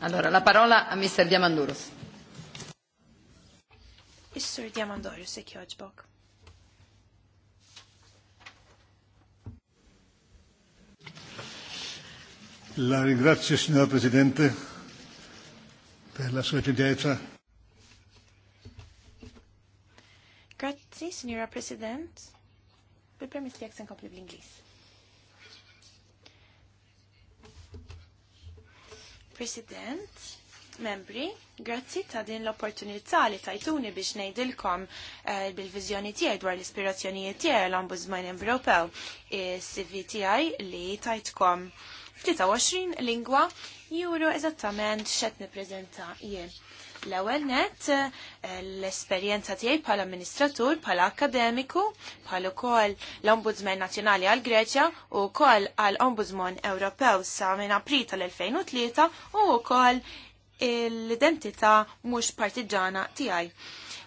Allora, la parola a Mr. Diamandouros. Diamandouros, La ringrazio, signora Presidente, per la sua gentilezza. Grazie, signora Presidente. Mi permess di jek sen President, membri, grazzi ta' din l-opportunità li tajtuni biex nejdilkom eh, bil-vizjoni tiegħi dwar l-ispirazzjonijiet tiegħi l-Ombudsman Ewropew, is-CV tiegħi li tajtkom 23 lingwa juru eżattament x'qed nippreżenta jien. L-ewwel net l-esperjenza tiegħi bħala amministratur, bħala akademiku, bħala ukoll l-Ombudsman Nazzjonali għal Greċja u wkoll għal Ombudsman Ewropew sa minn April tal-2003 u wkoll l-identità mhux partiġana tiegħi.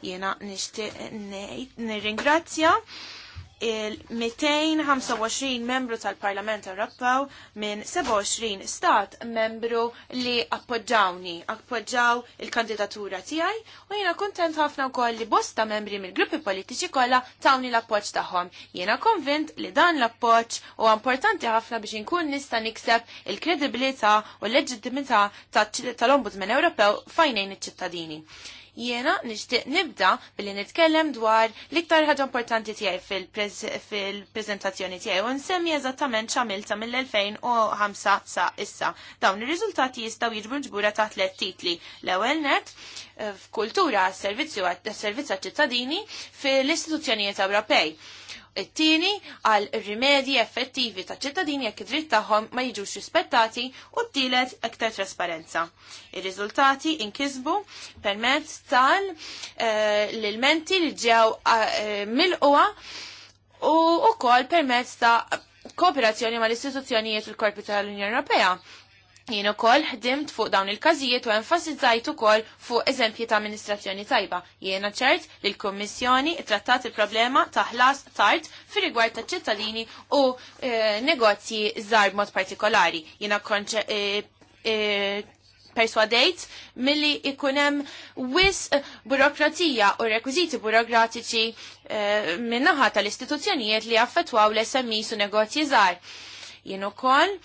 Jiena nixtieq nirringrazzja ne, il-225 membru tal-Parlament Ewropew minn 27 stat membru li appoġġawni, appoġġaw il-kandidatura tiegħi u jiena kuntent ħafna wkoll li bosta membri mill-gruppi politiċi kollha tawni l-appoġġ tagħhom. Jiena konvint li dan l-appoġġ huwa importanti ħafna biex inkun nista' nikseb il-kredibilità u l-leġittimità tal-Ombudsman Ewropew fajnejn iċ-ċittadini. Jiena nixtieq nibda billi nitkellem dwar l-iktar ħaġa importanti tiegħi fil-preżentazzjoni tiegħi u nsemmi eżattament x'għamilta mill-2005 sa issa. Dawn ir-riżultati jistgħu jiġbu ġbura ta' tliet titli. L-ewwel net f'kultura għas-servizz għat-ċittadini fil-istituzzjonijiet Ewropej it tieni għal rimedji effettivi ta' ċittadini jekk id-dritt tagħhom ma jiġux rispettati u t-tielet aktar trasparenza. Ir-riżultati inkisbu permezz tal eh, l-ilmenti li ġew eh, mill-qwa u wkoll permezz ta' kooperazzjoni mal istituzzjonijiet u l-korpi tal-Unjoni Ewropea Jien ukoll ħdimt fuq dawn il-każijiet u enfasizzajt ukoll fuq eżempji ta' amministrazzjoni tajba. Jiena ċert li l-Kummissjoni trattat il-problema ta' ħlas tard fir rigward ta' ċittadini u e, negozji żgħar mod partikolari. Jiena konċe e, e, perswadejt milli ikunem wis burokratija u rekwiziti burokratiċi minnaħa tal-istituzzjonijiet li affettwaw l-SMI su negozji żgħar. Jien ukoll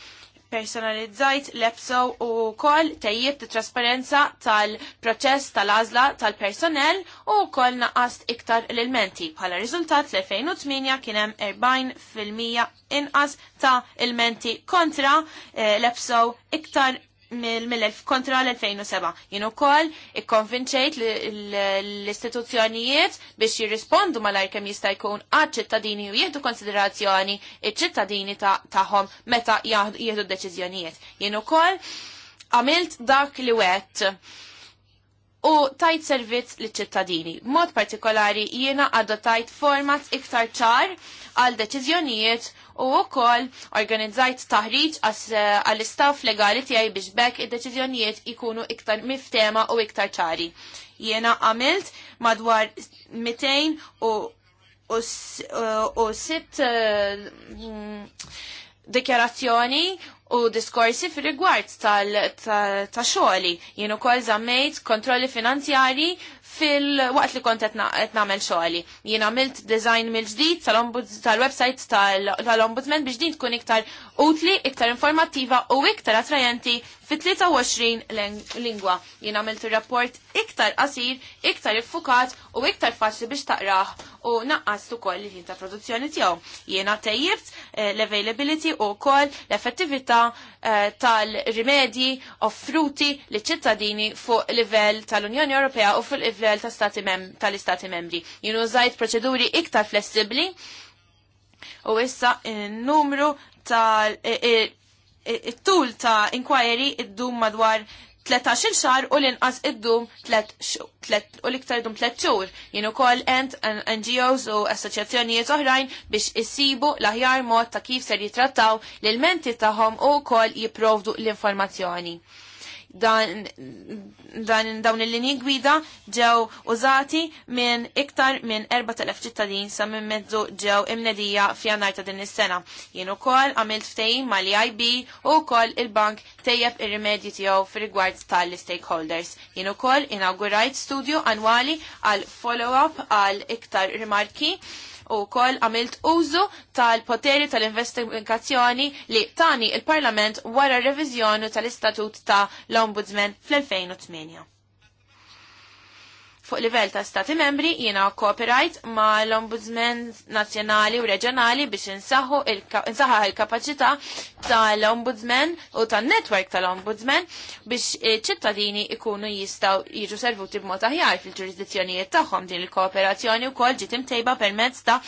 personalizzajt l-EPSO u kol tejjib trasparenza tal-proċess tal-azla tal-personel u kol naqast iktar l-ilmenti. Bħala rizultat l-2008 kienem 40% inqas ta' ilmenti kontra eh, l-EPSO iktar mill-2000 kontra l-2007. Jinnu ukoll ikkonvinċejt l-istituzzjonijiet biex jirrispondu malajr kemm jista' jkun għaċ-ċittadini u jieħdu konsiderazzjoni iċ-ċittadini tagħhom meta jieħdu deċiżjonijiet. Jien ukoll għamilt dak li wet u tajt servizz li ċittadini. Mod partikolari jiena adottajt format iktar ċar għal deċiżjonijiet u wkoll organizzajt taħriġ eh, għall-istaff legali tiegħi biex bekk id-deċiżjonijiet ikunu iktar miftema u iktar ċari. Jiena għamilt madwar 200 u u, u sitt uh, dikjarazzjoni u diskorsi fil rigward tal-xoli. Jien ukoll żammejt kontrolli finanzjari fil-waqt li kont qed nagħmel xogħli. Jien għamilt design mill-ġdid tal-website tal-Ombudsman biex din tkun iktar utli, iktar informattiva u iktar attrajenti fit-23 lingwa. Jien għamilt ir-rapport iktar qasir, iktar iffukat u iktar faċli biex taqrah u naqqas ukoll li ħin ta' produzzjoni tiegħu. Jiena tejjibt l-availability u wkoll l-effettività tal-rimedji offruti li ċittadini fuq livell tal-Unjoni Ewropea u fuq livell tal-Istati Membri. Jien użajt proċeduri iktar flessibbli u issa n-numru tal- it-tul ta' inquiry id-dum madwar 13 xar u l-inqas id-dum u l-iktar id-dum 3 xur. Jien ukoll ent NGOs u assoċjazzjonijiet oħrajn biex issibu l-aħjar mod ta' kif ser jitrattaw l-menti tagħhom u wkoll jipprovdu l-informazzjoni dan, dan dawn il-linji gwida ġew użati minn iktar minn 4,000 ċittadin sa minn mezzu ġew imnedija f'jannar din is-sena. Jien ukoll għamilt ftehim mal-IB u wkoll il-bank tejjeb ir-rimedji tiegħu fir-rigward tal-stakeholders. Jien ukoll inaugurajt studju annwali għal follow-up għal iktar rimarki u kol għamilt użu tal-poteri tal-investigazzjoni li tani il-Parlament wara revizjonu tal-Istatut ta' l-Ombudsman fl-2008. Fuq livell ta' stati membri jiena copyright ma' l-Ombudsman Nazzjonali u Reġjonali biex insaħħu il-kapaċità tal-Ombudsman u tan-network tal-Ombudsman biex ċittadini ikunu jistgħu jiġu servuti b'mod aħjar fil-ġurisdizzjonijiet tagħhom din il-kooperazzjoni wkoll ġiet imtejba permezz ta'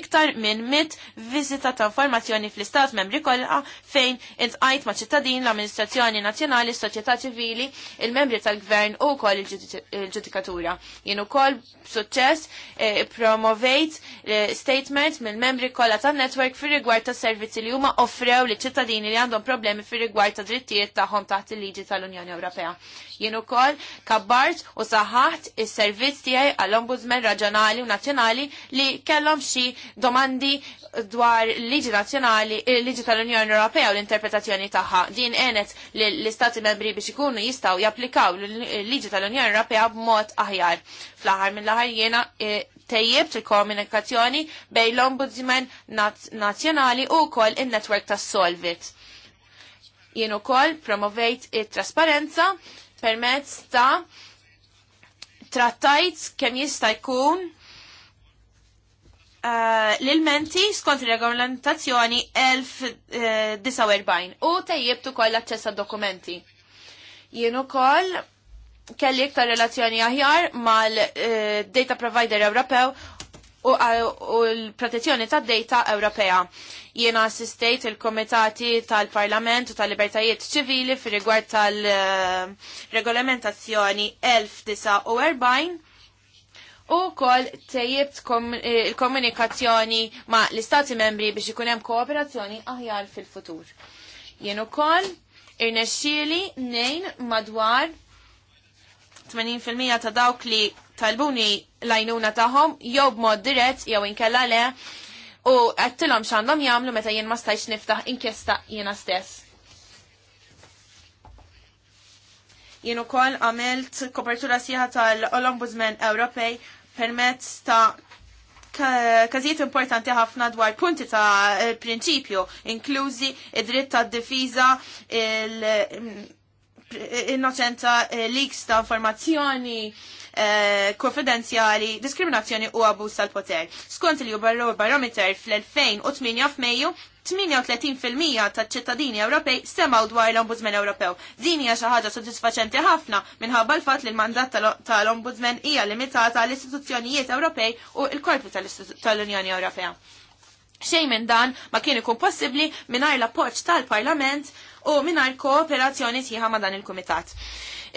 iktar minn mit viżita ta' informazzjoni fl-istat membri kollha fejn intqajt ma' ċittadin l-Amministrazzjoni Nazzjonali, s-Soċjetà Ċivili, il-membri tal-Gvern u wkoll il-Ġudikatura. Jien ukoll suċess eh, promovejt eh, statement mill-membri kollha tan-network fi rigward ta' servizzi li huma offrew li ċittadini li għandhom problemi fi rigward ta' drittijiet tagħhom taħt il-liġi tal-Unjoni Ewropea. Jien ukoll kabbart u saħħaħt is-servizz tiegħi għall-Ombudsman Raġjonali u Nazzjonali li kellhom xi domandi dwar liġi nazzjonali, eh, liġi tal-Unjoni Ewropea u l-interpretazzjoni tagħha. Din għenet l-istati membri biex ikunu jistgħu japplikaw l-liġi tal-Unjoni Ewropea b'mod aħjar l-aħħar. Fl-aħħar mill-aħħar jiena e, tejjeb il-komunikazzjoni bejn l-Ombudsman Nazzjonali u wkoll in-netwerk tas-Solvit. Jien ukoll promovejt it-trasparenza permezz ta' trattajt kemm jista' jkun Uh, l-ilmenti skont regolamentazzjoni 1049 e, u tejjibtu koll l-access dokumenti. Jien ukoll kelli iktar relazzjoni aħjar mal-data eh, provider Ewropew eh, u, l-protezzjoni ta' data Ewropea. Jiena assistejt il-komitati tal-Parlament u tal-Libertajiet ċivili fir rigward tal-regolamentazzjoni 1049 u kol tejjibt eh, il-komunikazzjoni ma' l-Istati membri biex ikun hemm kooperazzjoni aħjar fil-futur. Jien ukoll irnexxieli nejn madwar 80% ta' dawk li talbuni lajnuna tagħhom jew b'mod dirett jew inkella le u għattilom x'għandhom jagħmlu meta jien ma stajx niftaħ inkjesta jiena stess. Jien ukoll għamilt kopertura sieħa tal-Ombudsman Ewropej permezz ta' każijiet importanti ħafna dwar punti ta' eh, prinċipju, inklużi id-dritt tad-difiża, il- innocenza, eh, leaks ta' informazzjoni eh, konfidenzjali, diskriminazzjoni u abus tal-poter. Skont il-Jubarro Barometer fl-2008 f'Mejju, 38% ta' ċittadini Ewropej semaw dwar l-Ombudsman Ewropew. Din hija xi ħaġa soddisfaċenti ħafna minħabba l-fatt li l-mandat tal-Ombudsman hija limitata għall istituzzjonijiet Ewropej u l-korpi tal-Unjoni Ewropea. Xejn minn dan ma kien ikun possibbli mingħajr l-appoġġ tal-Parlament u mingħajr kooperazzjoni tiħa ma' dan il-kumitat.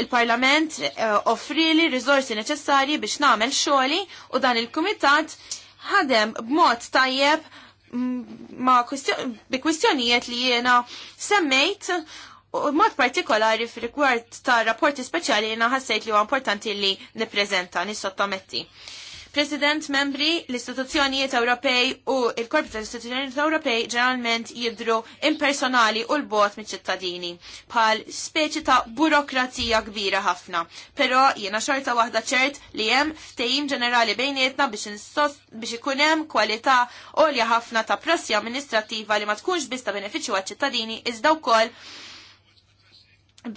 Il-Parlament eh, li rizorsi neċessarji biex nagħmel xoli u dan il-kumitat ħadem b'mod tajjeb ma' bi kwistjonijiet li jiena semmejt u mod partikolari f'rigward ta' rapporti speċjali jiena ħassejt li huwa importanti li nippreżenta, nissottometti. President membri, l-istituzzjonijiet Ewropej u il-korpi tal-istituzzjonijiet Ewropej ġeneralment jidru impersonali u l-bot miċ ċittadini bħal speċi ta' burokrazija kbira ħafna. Però jiena xorta waħda ċert li hemm ftehim ġenerali bejnietna biex ikun hemm kwalità għolja ħafna ta' prossi amministrattiva li ma tkunx biss ta' benefiċċju għaċ-ċittadini iżda wkoll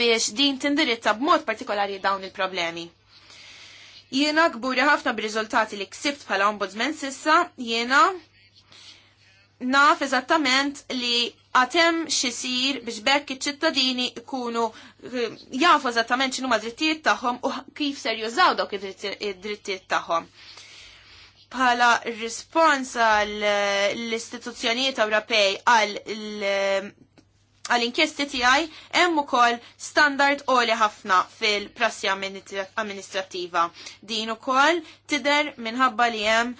biex din tindirizza b'mod partikolari dawn il-problemi. Jiena gburi ħafna b'riżultati li ksibt bħala ombudsman sissa, jiena naf eżattament li għatem xisir biex bekk iċ-ċittadini ikunu eh, jafu eżattament x'inhu ma' drittijiet tagħhom u kif ser jużaw dawk id-drittijiet tagħhom. Bħala rispons għall l-istituzzjonijiet Ewropej għal għal-inkjesti tiegħi hemm ukoll standard għoli ħafna fil-prassi amministrattiva. Din ukoll tider minħabba li hemm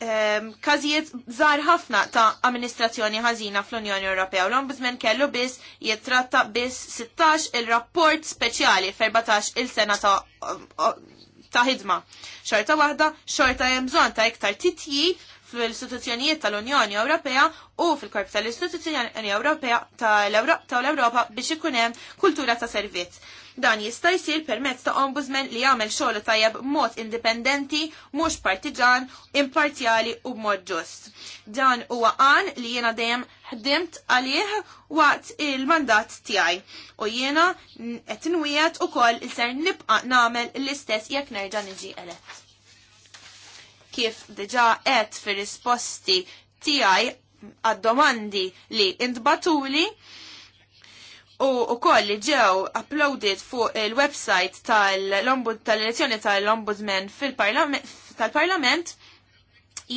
ehm, kazijiet zar ħafna ta' amministrazzjoni ħażina fl-Unjoni Ewropea. L-Ombudsman kellu biss jittratta biss 16 il-rapport speċjali 14 il-sena ta' ta' ħidma. Xorta waħda, xorta hemm bżonn ta' iktar titjib fl-istituzzjonijiet tal-Unjoni Ewropea u fil-korp tal-istituzzjoni Ewropea tal-Ewropa biex ikun hemm kultura ta' servizz. Dan jista' jsir permezz ta' ombudsman li jagħmel xogħol tajjeb b'mod indipendenti, mhux partiġan, imparzjali u b'mod ġust. Dan huwa qan li jiena dejjem ħdimt għalih waqt il-mandat tiegħi u jiena qed nwiegħed ukoll ser nibqa' nagħmel l-istess jekk nerġa' niġi elett kif diġa għed fir-risposti tiegħi għad-domandi li intbatuli u koll li ġew uploaded fuq il-website tal-ombud tal-elezzjoni tal-ombudsman tal-parlament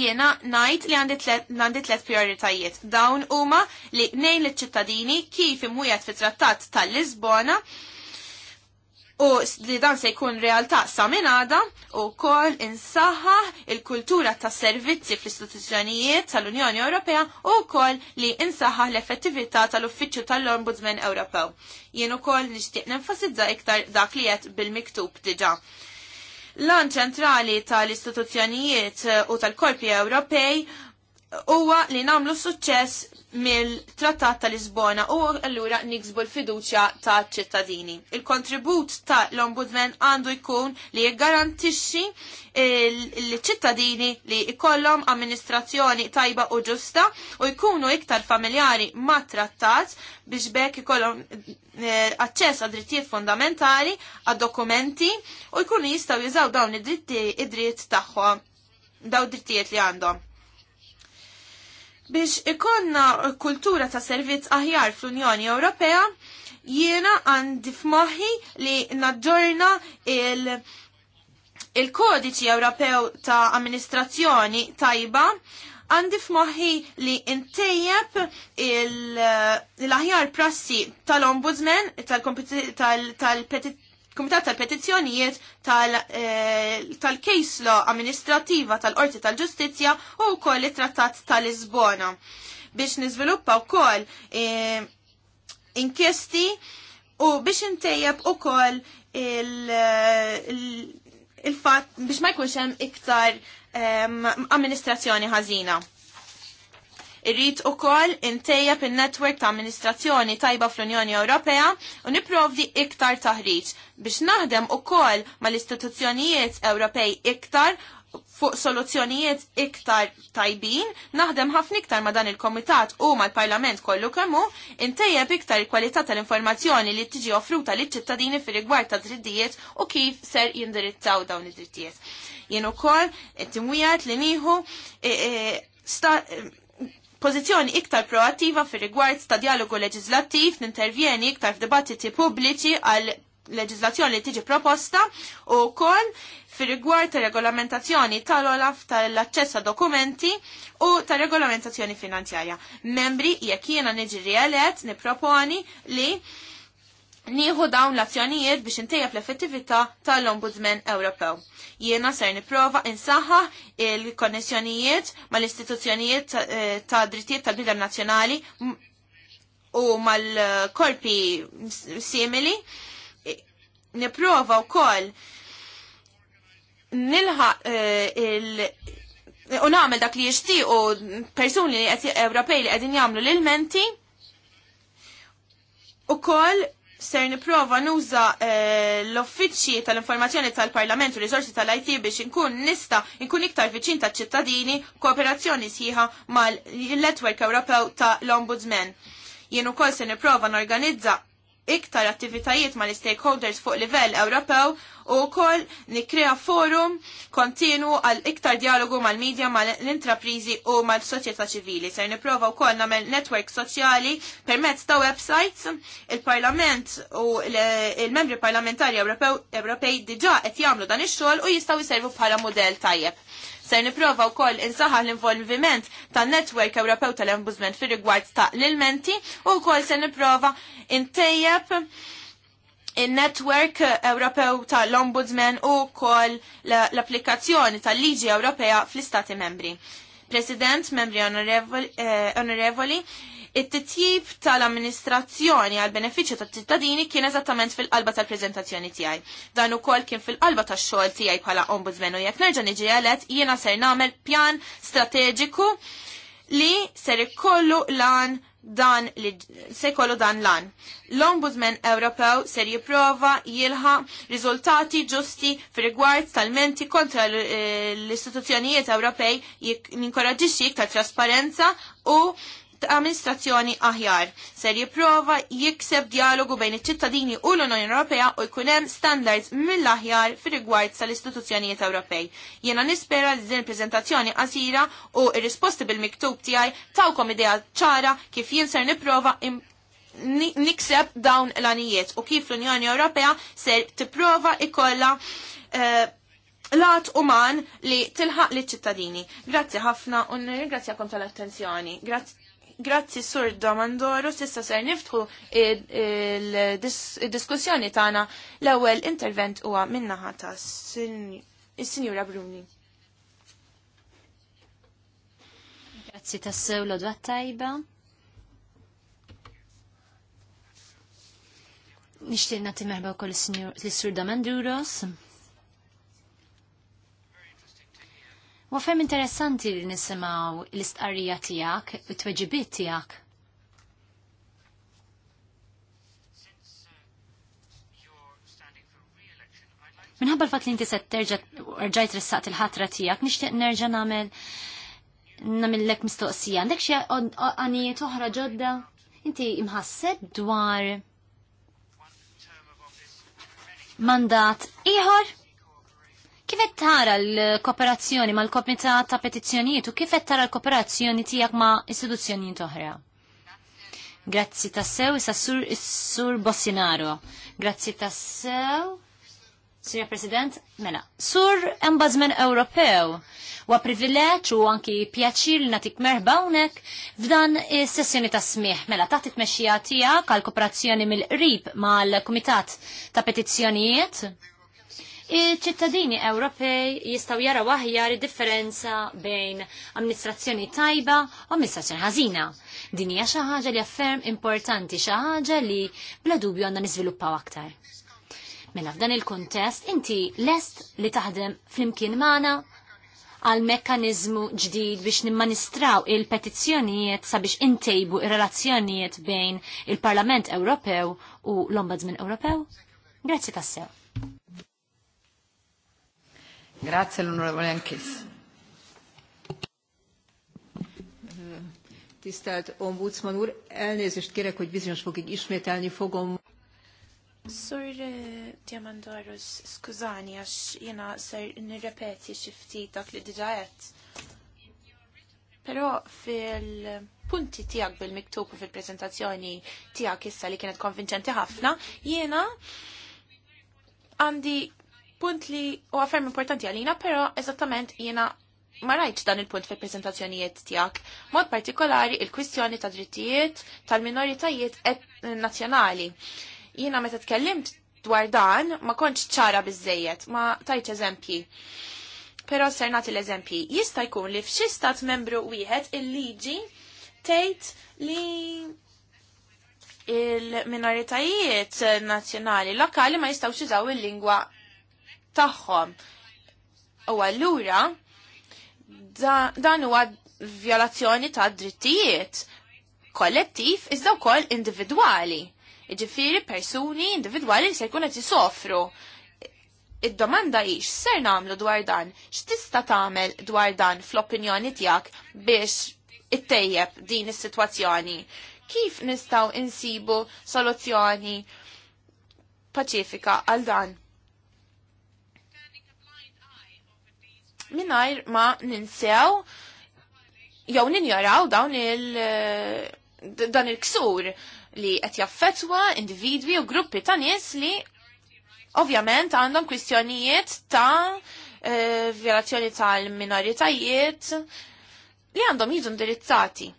jiena najt li għandi tlet prioritajiet. Dawn huma li nejn l-ċittadini kif imwijat fit trattat tal-Lisbona u li dan se jkun realtà sa minn għada u kol insaħħa il-kultura ta' servizzi fl-istituzzjonijiet tal-Unjoni Ewropea u kol li insaħħa l-effettività tal-Uffiċċju tal-Ombudsman Ewropew. Jien ukoll nixtieq nenfasizza iktar dak li qed bil-miktub diġà. an ċentrali tal-istituzzjonijiet u tal-korpi Ewropej huwa li namlu suċċess mill-Trattat ta' Lisbona u allura niksbu l-fiduċja ta' ċittadini. Il-kontribut ta' l-Ombudsman għandu jkun li jgarantixxi l-ċittadini li jkollhom amministrazzjoni tajba u ġusta u jkunu iktar familjari ma' trattat biex bekk ikollhom eh, aċċess għad drittijiet fondamentali, għad dokumenti u jkunu jistgħu jużaw dawn id-dritti id-dritt tagħhom daw id-drittijiet li għandhom Biex ikonna kultura ta' servizz aħjar fl-Unjoni Ewropea, jiena għandi f'moħħi li naġġorna il- il-kodiċi Ewropew ta' amministrazzjoni tajba għandi f'moħħi li intejjeb l-aħjar prassi tal-ombudsman, tal-petizzjoni, tal, tal, Kumitat tal-Petizzjonijiet tal kejslo eh, Amministrativa tal-Qorti tal-Ġustizzja u wkoll it-Trattat tal-Lisbona biex niżviluppa wkoll eh, inkjesti u biex intejjeb ukoll eh, il-fatt biex ma jkunx hemm iktar amministrazzjoni ħażina. Irrid ukoll intejjeb in-netwerk ta' amministrazzjoni tajba fl-Unjoni Ewropea u nipprovdi iktar taħriġ biex naħdem ukoll mal-istituzzjonijiet Ewropej iktar fuq soluzzjonijiet iktar tajbin, naħdem ħafna iktar ma dan il-Komitat u ma l-Parlament kollu kemmu, intejjeb iktar il-kwalità tal-informazzjoni li tiġi offruta li ċittadini fir rigward ta' drittijiet u kif ser jindirizzaw dawn id-drittijiet. Jien ukoll timwijat li nieħu e, e, pożizzjoni iktar proattiva fir rigward ta' dialogu leġislattiv, nintervjeni iktar f'dibattiti pubbliċi għal leġislazzjoni li tiġi proposta u kol fir rigward ta' regolamentazzjoni tal-olaf tal-aċċess ta' dokumenti u ta' regolamentazzjoni finanzjarja. Membri jekk jiena niġi rielet niproponi li nieħu dawn l-azzjonijiet biex intejjeb l-effettività tal-Ombudsman Ewropew. Jiena ser nipprova insaħħa il-konnessjonijiet mal-istituzzjonijiet ta' eh, drittijiet tal-bidel nazzjonali u mal-korpi simili. Nipprova wkoll nilħa eh, il- u nagħmel dak li jixtiequ persuni Ewropej li qegħdin jagħmlu l-ilmenti u koll ser niprofa nuża eh, l-uffiċċji tal-informazzjoni tal-Parlament u riżorsi tal-IT biex inkun nista inkun iktar viċin taċ-ċittadini kooperazzjoni sħiħa mal-Network Ewropew tal-Ombudsman. Jien ukoll se niprofa norganizza iktar attivitajiet ma' l-stakeholders fuq livell Ewropew u wkoll nikkrea forum kontinu għal iktar dialogu mal-medja mal-intraprizi u mal-soċjetà ċivili. Ser nipprova wkoll nagħmel network soċjali permezz ta' websites il-Parlament u il-membri parlamentari Ewropej diġà qed jagħmlu dan ix-xogħol u jistgħu jservu bħala mudell tajjeb. Ser niprofa wkoll insaħa l-involviment tan-Netwerk Ewropew tal embuzment fir-rigward ta' l-ilmenti u wkoll se niprofa intejjeb il-network Ewropew tal-Ombudsman u kol l-applikazzjoni tal-Liġi Ewropea fl-Istati membri. President, membri onorevoli, eh, onorevoli It-titjib tal-amministrazzjoni għal benefiċċju tat-tittadini kien eżattament fil-qalba tal-preżentazzjoni tiegħi. Dan ukoll kien fil-qalba tax-xogħol tiegħi bħala ombudsman u jekk nerġa' niġi għalet jiena ser nagħmel pjan strateġiku li ser ikollu lan dan li se kollu dan lan. L-Ombudsman Ewropew ser jipprova jilħa riżultati ġusti fir-rigward tal-menti kontra eh, l-istituzzjonijiet Ewropej jinkoraġixxi ta' trasparenza u amministrazzjoni aħjar. Ser jipprova jikseb dialogu bejn iċ-ċittadini u l-Unjoni Ewropea u jkun hemm standards mill-aħjar fir-rigward sal-istituzzjonijiet Ewropej. Jiena nispera li din il-preżentazzjoni qasira u r-risposti bil-miktub tiegħi tawkom idea ċara kif jien ser nipprova nikseb dawn l-anijiet u kif l-Unjoni Ewropea ser tipprova ikolla eh, lat uman li tilħaq li ċittadini. Grazzi ħafna u kontra tal-attenzjoni. Grazzi Grazzi Sur Domandoro, sissa ser niftħu il-diskussjoni tagħna l-ewwel intervent huwa minnaħa ta' il sinjura Bruni. Grazzi tassew l-odwa tajba. Nixtieq nagħti merba wkoll is sur Domanduros. U fem interessanti li nisimaw l-istqarrija tijak, u t-tweġibiet tijak. Minħabba l-fat li inti set terġajt rissaqt il-ħatra tijak, nishtiq nerġa namel namillek mistoqsija. Għandek xie għanijiet oħra ġodda? Inti imħasset dwar mandat iħor? Kif qed tara l-kooperazzjoni mal-Komitat ta' Petizzjonijiet u kif qed tara l-kooperazzjoni tiegħek ma' istituzzjonijiet oħra? Grazzi tassew, issa sur, sur Bossinaro. Grazzi tassew. Signor President, mela, sur Embazmen Ewropew, wa privileġġ u anki pjaċir li natik merħba unek f'dan is-sessjoni ta' smieħ. Mela, taħt it-mexxija tiegħek għal kooperazzjoni mill-qrib mal-Kumitat ta' Petizzjonijiet iċ-ċittadini Ewropej jistaw jaraw aħjar differenza bejn amministrazzjoni tajba u amministrazzjoni ħażina. Din hija xi ħaġa li afferm importanti xi ħaġa li bla dubju għandna niżviluppaw aktar. Mela f'dan il-kuntest inti lest li taħdem flimkien magħna għal mekkanizmu ġdid biex nimmanistraw il-petizzjonijiet sabiex intejbu il relazzjonijiet bejn il-Parlament Ewropew u l-Ombudsman Ewropew? Grazzi tassew. Grazie l'onorevole Anchis. Tisztelt Ombudsman úr, elnézést kérek, hogy bizonyos fogig ismételni fogom. Sur eh, Diamandoros, skużani, għax jena ser nirrepeti xifti dak li diġajet. Pero fil-punti tijak bil-miktub u fil-prezentazzjoni tijak issa li kienet konvinċenti ħafna, jena għandi punt li u għafem importanti għalina, pero eżattament jena ma rajtx dan il-punt fil prezentazzjonijiet tiegħek. Mod partikolari il-kwistjoni ta' drittijiet tal-minoritajiet nazzjonali. Jiena meta tkellimt dwar dan ma kontx ċara bizzejiet, ma tajċ eżempji. Però ser nagħti l-eżempji. Jista' jkun li f'xi stat membru wieħed il-liġi tgħid li il-minoritajiet nazzjonali lokali ma jistgħux jużaw il-lingwa taħħom. U allura dan huwa vjolazzjoni ta' drittijiet kollettiv iżda wkoll individwali. Iġifieri persuni individwali li se jkun qed Id-domanda hix ser nagħmlu dwar dan, x'tista' tagħmel dwar dan fl-opinjoni tiegħek biex ittejjeb din is-sitwazzjoni. Kif nistgħu insibu soluzzjoni paċifika għal dan? minnajr ma ninsew jew ninjaraw dawn il- eh, dan il-ksur li qed jaffetwa individwi u gruppi ta' nies li ovvjament għandhom kwistjonijiet ta' eh, violazzjoni tal-minoritajiet li għandhom jiġu indirizzati.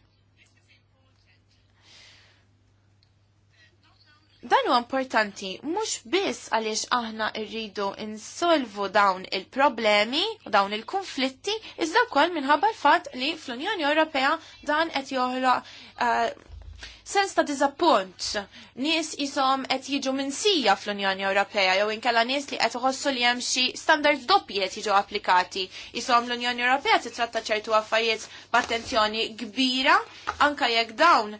Dan huwa importanti mhux biss għaliex aħna rridu insolvu dawn il-problemi u dawn il-konflitti, iżda wkoll minħabba l-fatt li fl-Unjoni Ewropea dan qed joħloq uh, sens ta' diżappunt. Nies jisom qed jiġu minsija fl-Unjoni Ewropea jew inkella nies li qed iħossu li hemm xi standard doppji qed jiġu applikati. Jisom l-Unjoni Ewropea titratta ċertu affarijiet b'attenzjoni kbira anke jekk dawn uh,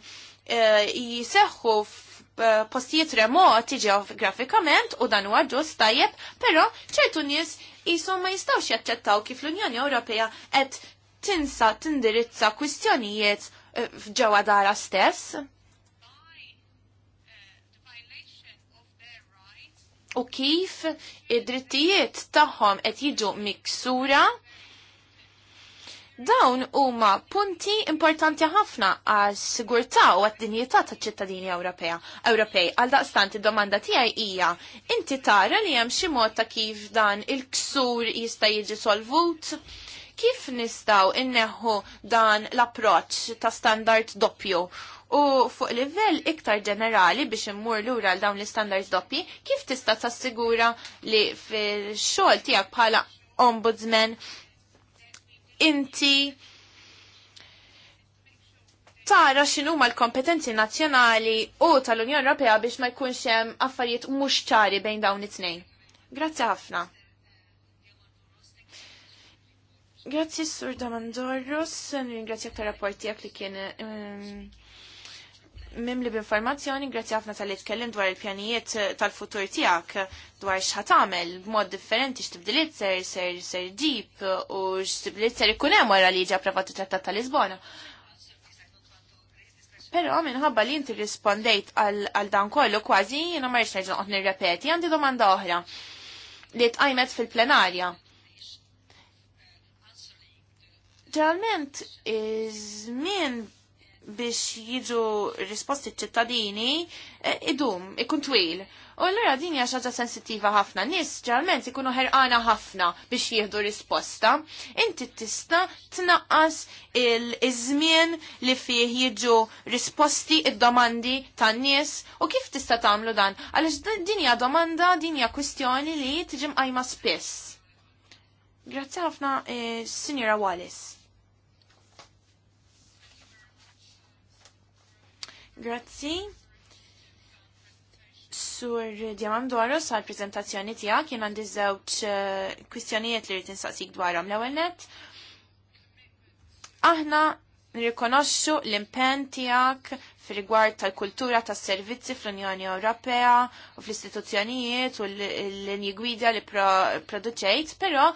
postijiet remoti ġeografikament u dan huwa ġust tajjeb, però ċertu nies jisom ma jistawx jaċċettaw kif l-Unjoni Ewropea qed tinsa tindirizza kwistjonijiet eh, f'ġewwa dara stess. U kif id-drittijiet tagħhom qed jiġu miksura Dawn huma punti importanti ħafna għal sigurtà u għad-dinjità taċ-ċittadini Ewropea. Ewropej għal daqstant id-domanda tiegħi hija inti tara li hemm xi mod ta' kif dan il-ksur jista' jiġi solvut? Kif nistgħu inneħħu dan l approċċ ta' standard doppju U fuq livell iktar ġenerali biex immur lura għal dawn l istandards doppi, kif tista' tassigura li fil-xogħol tiegħek bħala ombudsman inti tara xinu ma l-kompetenzi nazzjonali u tal-Unjoni Europea biex ma jkunx hemm affarijiet mhux ċari bejn dawn it-tnejn. Grazzi ħafna. Grazzi Sur Damandorros, ringrazzjak tar rapport tiegħek li kien um, li b'informazzjoni, grazzi ħafna tal-li tkellim dwar il-pjanijiet eh, tal-futur tijak, eh, dwar xħatamel, b'mod differenti, x'tibdiliet ser, ser, ser ġib, eh, u x'tibdiliet ser ikunem wara li ġa pravati trattat tal-Lisbona. Pero minħabba li inti rispondejt għal dan kollu kważi jiena ma rridx nerġa' nirrepeti, għandi domanda oħra li tqajmet fil-plenarja. Ġeneralment iż-żmien biex jiġu risposti ċittadini eh, idum, ikun twil. U l-għura din hija xaġa sensittiva ħafna. Nis ġalment ikunu ħerqana ħafna biex jieħdu risposta. Inti tista tnaqqas il-żmien li fih jiġu risposti id-domandi tan-nies u kif tista' tagħmlu dan? Għaliex din hija domanda, din hija kwistjoni li tiġi mqajma spiss. Grazzi ħafna, eh, Sinjora Wallis. Grazzi. Sur Doro, sa' l-prezentazzjoni tija, jien għandi żewġ eh, kwistjonijiet li rrid nistaqsik dwarhom l-ewwel net. Aħna nirrikonoxxu l-impenn tiegħek fil-rigward tal-kultura tas-servizzi fl-Unjoni Ewropea u fl-istituzzjonijiet u l injigwidja li produċejt, però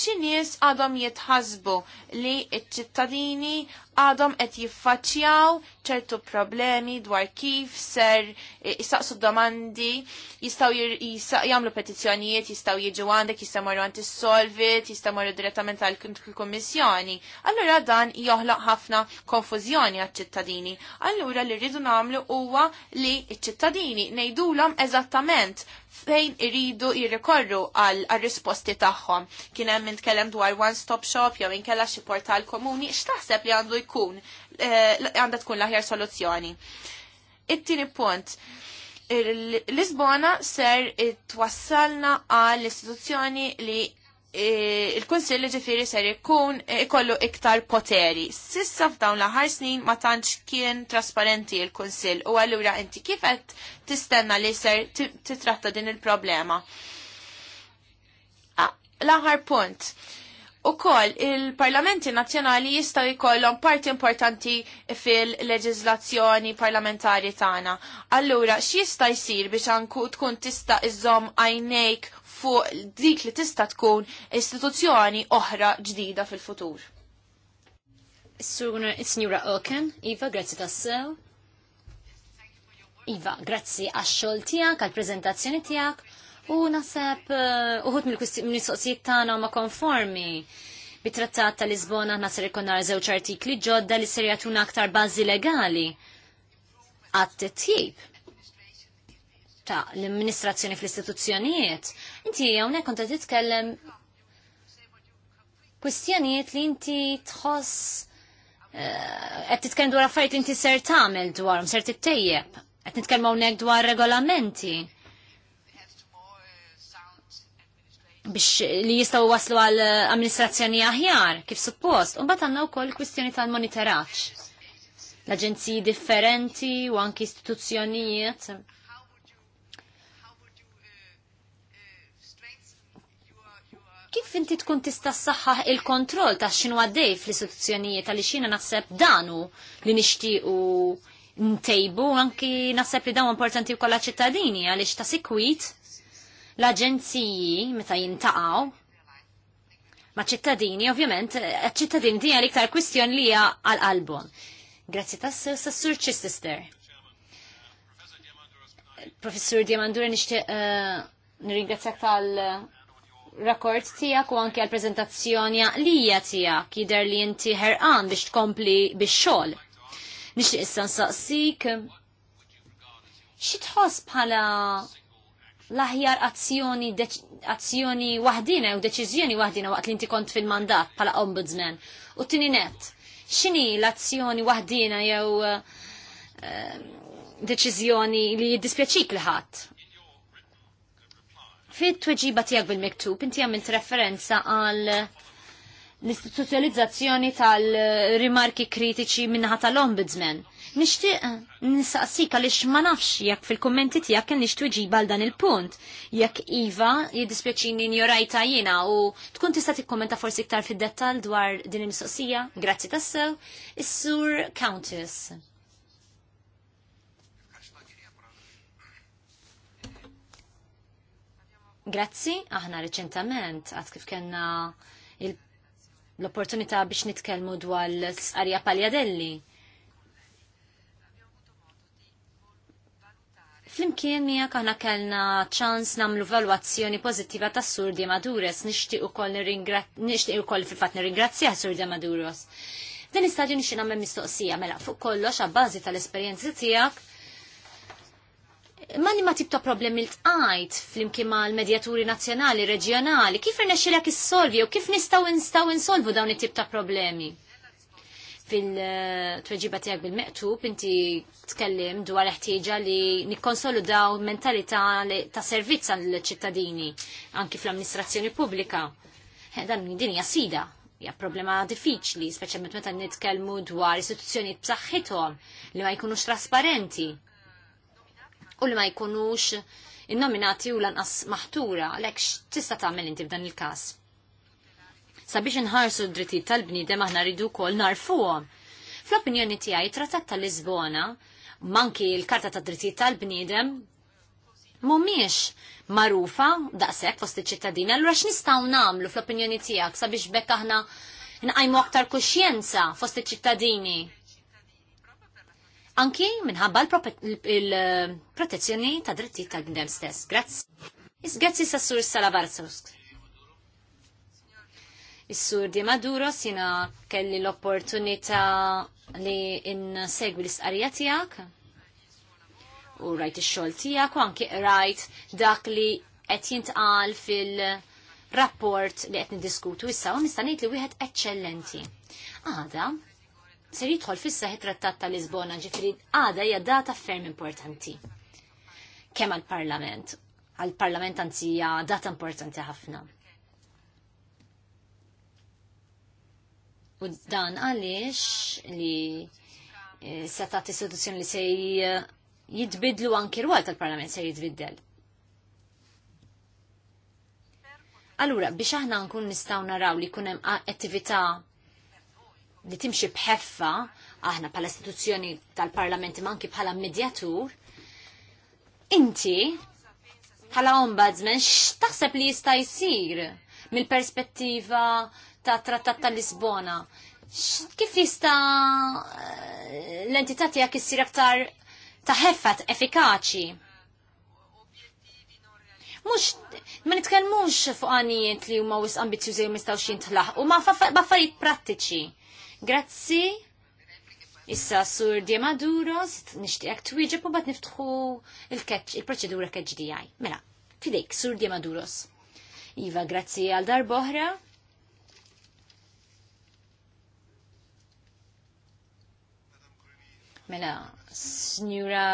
x'inies għadhom jitħasbu li ċittadini għadhom qed jiffaċċjaw ċertu problemi dwar kif ser jistaqsu domandi, jistgħu jagħmlu petizzjonijiet, jistgħu jiġu għandek, jistgħu marru għand is-solvit, jistgħu marru direttament għal kummissjoni. Allura dan joħloq ħafna konfużjoni għaċ-ċittadini. Allura li rridu nagħmlu huwa li ċ-ċittadini ngħidulhom eżattament fejn iridu jirrikorru għal risposti tagħhom. Kien hemm nitkellem dwar one stop shop jew inkella xi portal komuni, x'taħseb li għandu jkun eh, għandha tkun l-aħjar soluzzjoni. It-tieni punt. Lisbona ser twassalna għall istituzzjoni li Eh, il-Kunsill ġifiri ser jkun eh, ikollu iktar poteri. Sissa f'dawn l-aħħar snin ma tantx kien trasparenti il-Kunsill u allura inti kif qed tistenna li ser titratta din il-problema. Ah, l-aħħar punt. U kol, il-parlamenti nazjonali jistaw jkollhom parti importanti fil-leġizlazzjoni parlamentari tagħna. Allura, x'jista' jsir biex anku tkun tista' iżom għajnejk fuq dik li tista' tkun istituzzjoni oħra ġdida fil-futur. is eh, Signora Oken, Iva, grazzi tassew. Iva, grazzi għax-xogħol tiegħek, għall-preżentazzjoni tiegħek. U nasab eh, uħut mill-mistoqsijiet tagħna ma konformi. Bit-trattat ta' Lisbona aħna ser ikun nara żewġ artikli ġodda li ser jagħtuna aktar bażi legali għat titjib ta' l-amministrazzjoni fl-istituzzjonijiet, inti hawnhekk konta titkellem kwistjonijiet li inti tħoss eh, qed titkellem dwar affarijiet li inti ser tagħmel dwar ser tittejjeb. Qed nitkellmu hawnhekk dwar regolamenti biex li jistaw waslu għal amministrazzjoni aħjar, kif suppost, un bat għannaw kol kwistjoni tal-monitoraċ. L-aġenziji differenti u anki istituzzjonijiet kif inti tkun tista' saħħaħ il-kontroll ta' x'inhu għaddej fl-istituzzjonijiet għal xina naħseb danu li nixtiequ ntejbu anki naħseb li dawn importanti wkoll ċittadini għaliex ta' sikwit l-aġenziji meta jintaqgħu ma' ċittadini, ovvjament, ċittadini din għal iktar kwistjoni li għal-album. Grazzi tassew sa' Sur Chichester. Professur Diamandura nixtieq uh, nirringrazzjak tal records tijak u anke għal-prezentazzjoni għalija tijak jider li jinti ħerqan biex tkompli biex xol. Nix issa nsaqsik, xitħos bħala laħjar azzjoni, azzjoni wahdina u deċizjoni wahdina waqt li inti kont fil-mandat bħala ombudsman. U tini net, xini l-azzjoni wahdina jew eh, deċizjoni li jiddispjaċik liħat Fit-tweġiba tiegħek bil-miktub inti għamilt referenza għal l-istituzzjonalizzazzjoni tal-rimarki kritiċi minnaħa tal-ombudsman. Nixtieq nistaqsika għaliex ma nafx jekk fil-kummenti tiegħek kien nixtieq għal dan il-punt. Jekk iva jiddispjaċini njorajta jiena u tkun tista' tikkommenta forsi iktar fid-dettall dwar din il-mistoqsija. Grazzi tassew. Is-sur Countess. Grazzi, aħna reċentament, għad kif kena l-opportunità biex nitkelmu dwar l-sqarja paljadelli. Flimkien miegħek aħna kellna ċans nagħmlu valwazzjoni pożittiva tas Sur Madures, nixtieq ukoll fil-fatt nirringrazzjah Sur Di Maduros. Din istadju nixtieq nagħmel mistoqsija mela fuq kollox għabbażi tal-esperjenzi tiegħek Mani ma tip ta' problemi l-tqajt fl-imkien ma' l-medjaturi nazjonali, reġjonali, kif irnexxilek issolvi u kif nistaw nistaw insolvu dawn it-tip ta' problemi? Fil-tweġiba tiegħek bil-meqtub inti tkellim dwar ħtieġa li nikkonsolu daw mentalità ta' servizz għall-ċittadini anki fl-amministrazzjoni pubblika. Dan din hija sfida hija problema diffiċli, speċjalment meta nitkellmu dwar istituzzjonijiet b'saħħithom li ma jkunux trasparenti u li ma jkunux innominati u lanqas maħtura għalhekk tista' tagħmel inti f'dan il-każ. Sabiex inħarsu d-drittijiet tal-bniedem aħna rridu wkoll narfuhom. Fl-opinjoni tiegħi trattat tal-Lisbona manki l-Karta tad Drittijiet tal-Bniedem mhumiex magħrufa daqshekk fost iċ-ċittadini, allura x'nistgħu nagħmlu fl-opinjoni tiegħek sabiex bekk aħna nqajmu aktar kuxjenza fost iċ-ċittadini anki minħabba l-protezzjoni ta' drittijiet tal-bnedem stess. Grazzi. Is-grazzi sur Salavarsusk. Is-sur di Maduro sina kelli l-opportunità li in-segwi l isqarija tiegħek u rajt ix-xogħol tiegħek u anki rajt dak li qed jintqal fil- rapport li qed niddiskutu issa u nista' ngħid li wieħed eċċellenti. Għada, ser jidħol fis-seħi trattat ta' Lisbona ġifiri għada hija data ferm importanti. Kemm għall-Parlament. Għall-Parlament anzi hija data importanti ħafna. U dan għaliex li se eh, setat istituzzjoni li se eh, jitbidlu anki rwal tal-Parlament se jitbiddel. Allura, biex aħna nkun nistaw naraw li kunem attività li timxi bħeffa aħna pala istituzzjoni tal-parlamenti manki bħala medjatur, inti bħala ombudsman x'taħseb li jista' jsir mill-perspettiva ta' trattat tal-Lisbona? Kif jista' eh, l-entità tiegħek issir aktar ta' heffat effikaċi? mux, ma nitkelmux fuq għanijiet li huma wis ambizjużi u mistawx jintlaħ, u ma baffarijiet prattiċi. Grazzi. Issa sur Diemaduros, nishtiqek twieġeb u bat niftħu il-proċedura KGDI. Mela, fidejk, sur Diemaduros. Iva, grazzi għal darboħra. Mela, Signora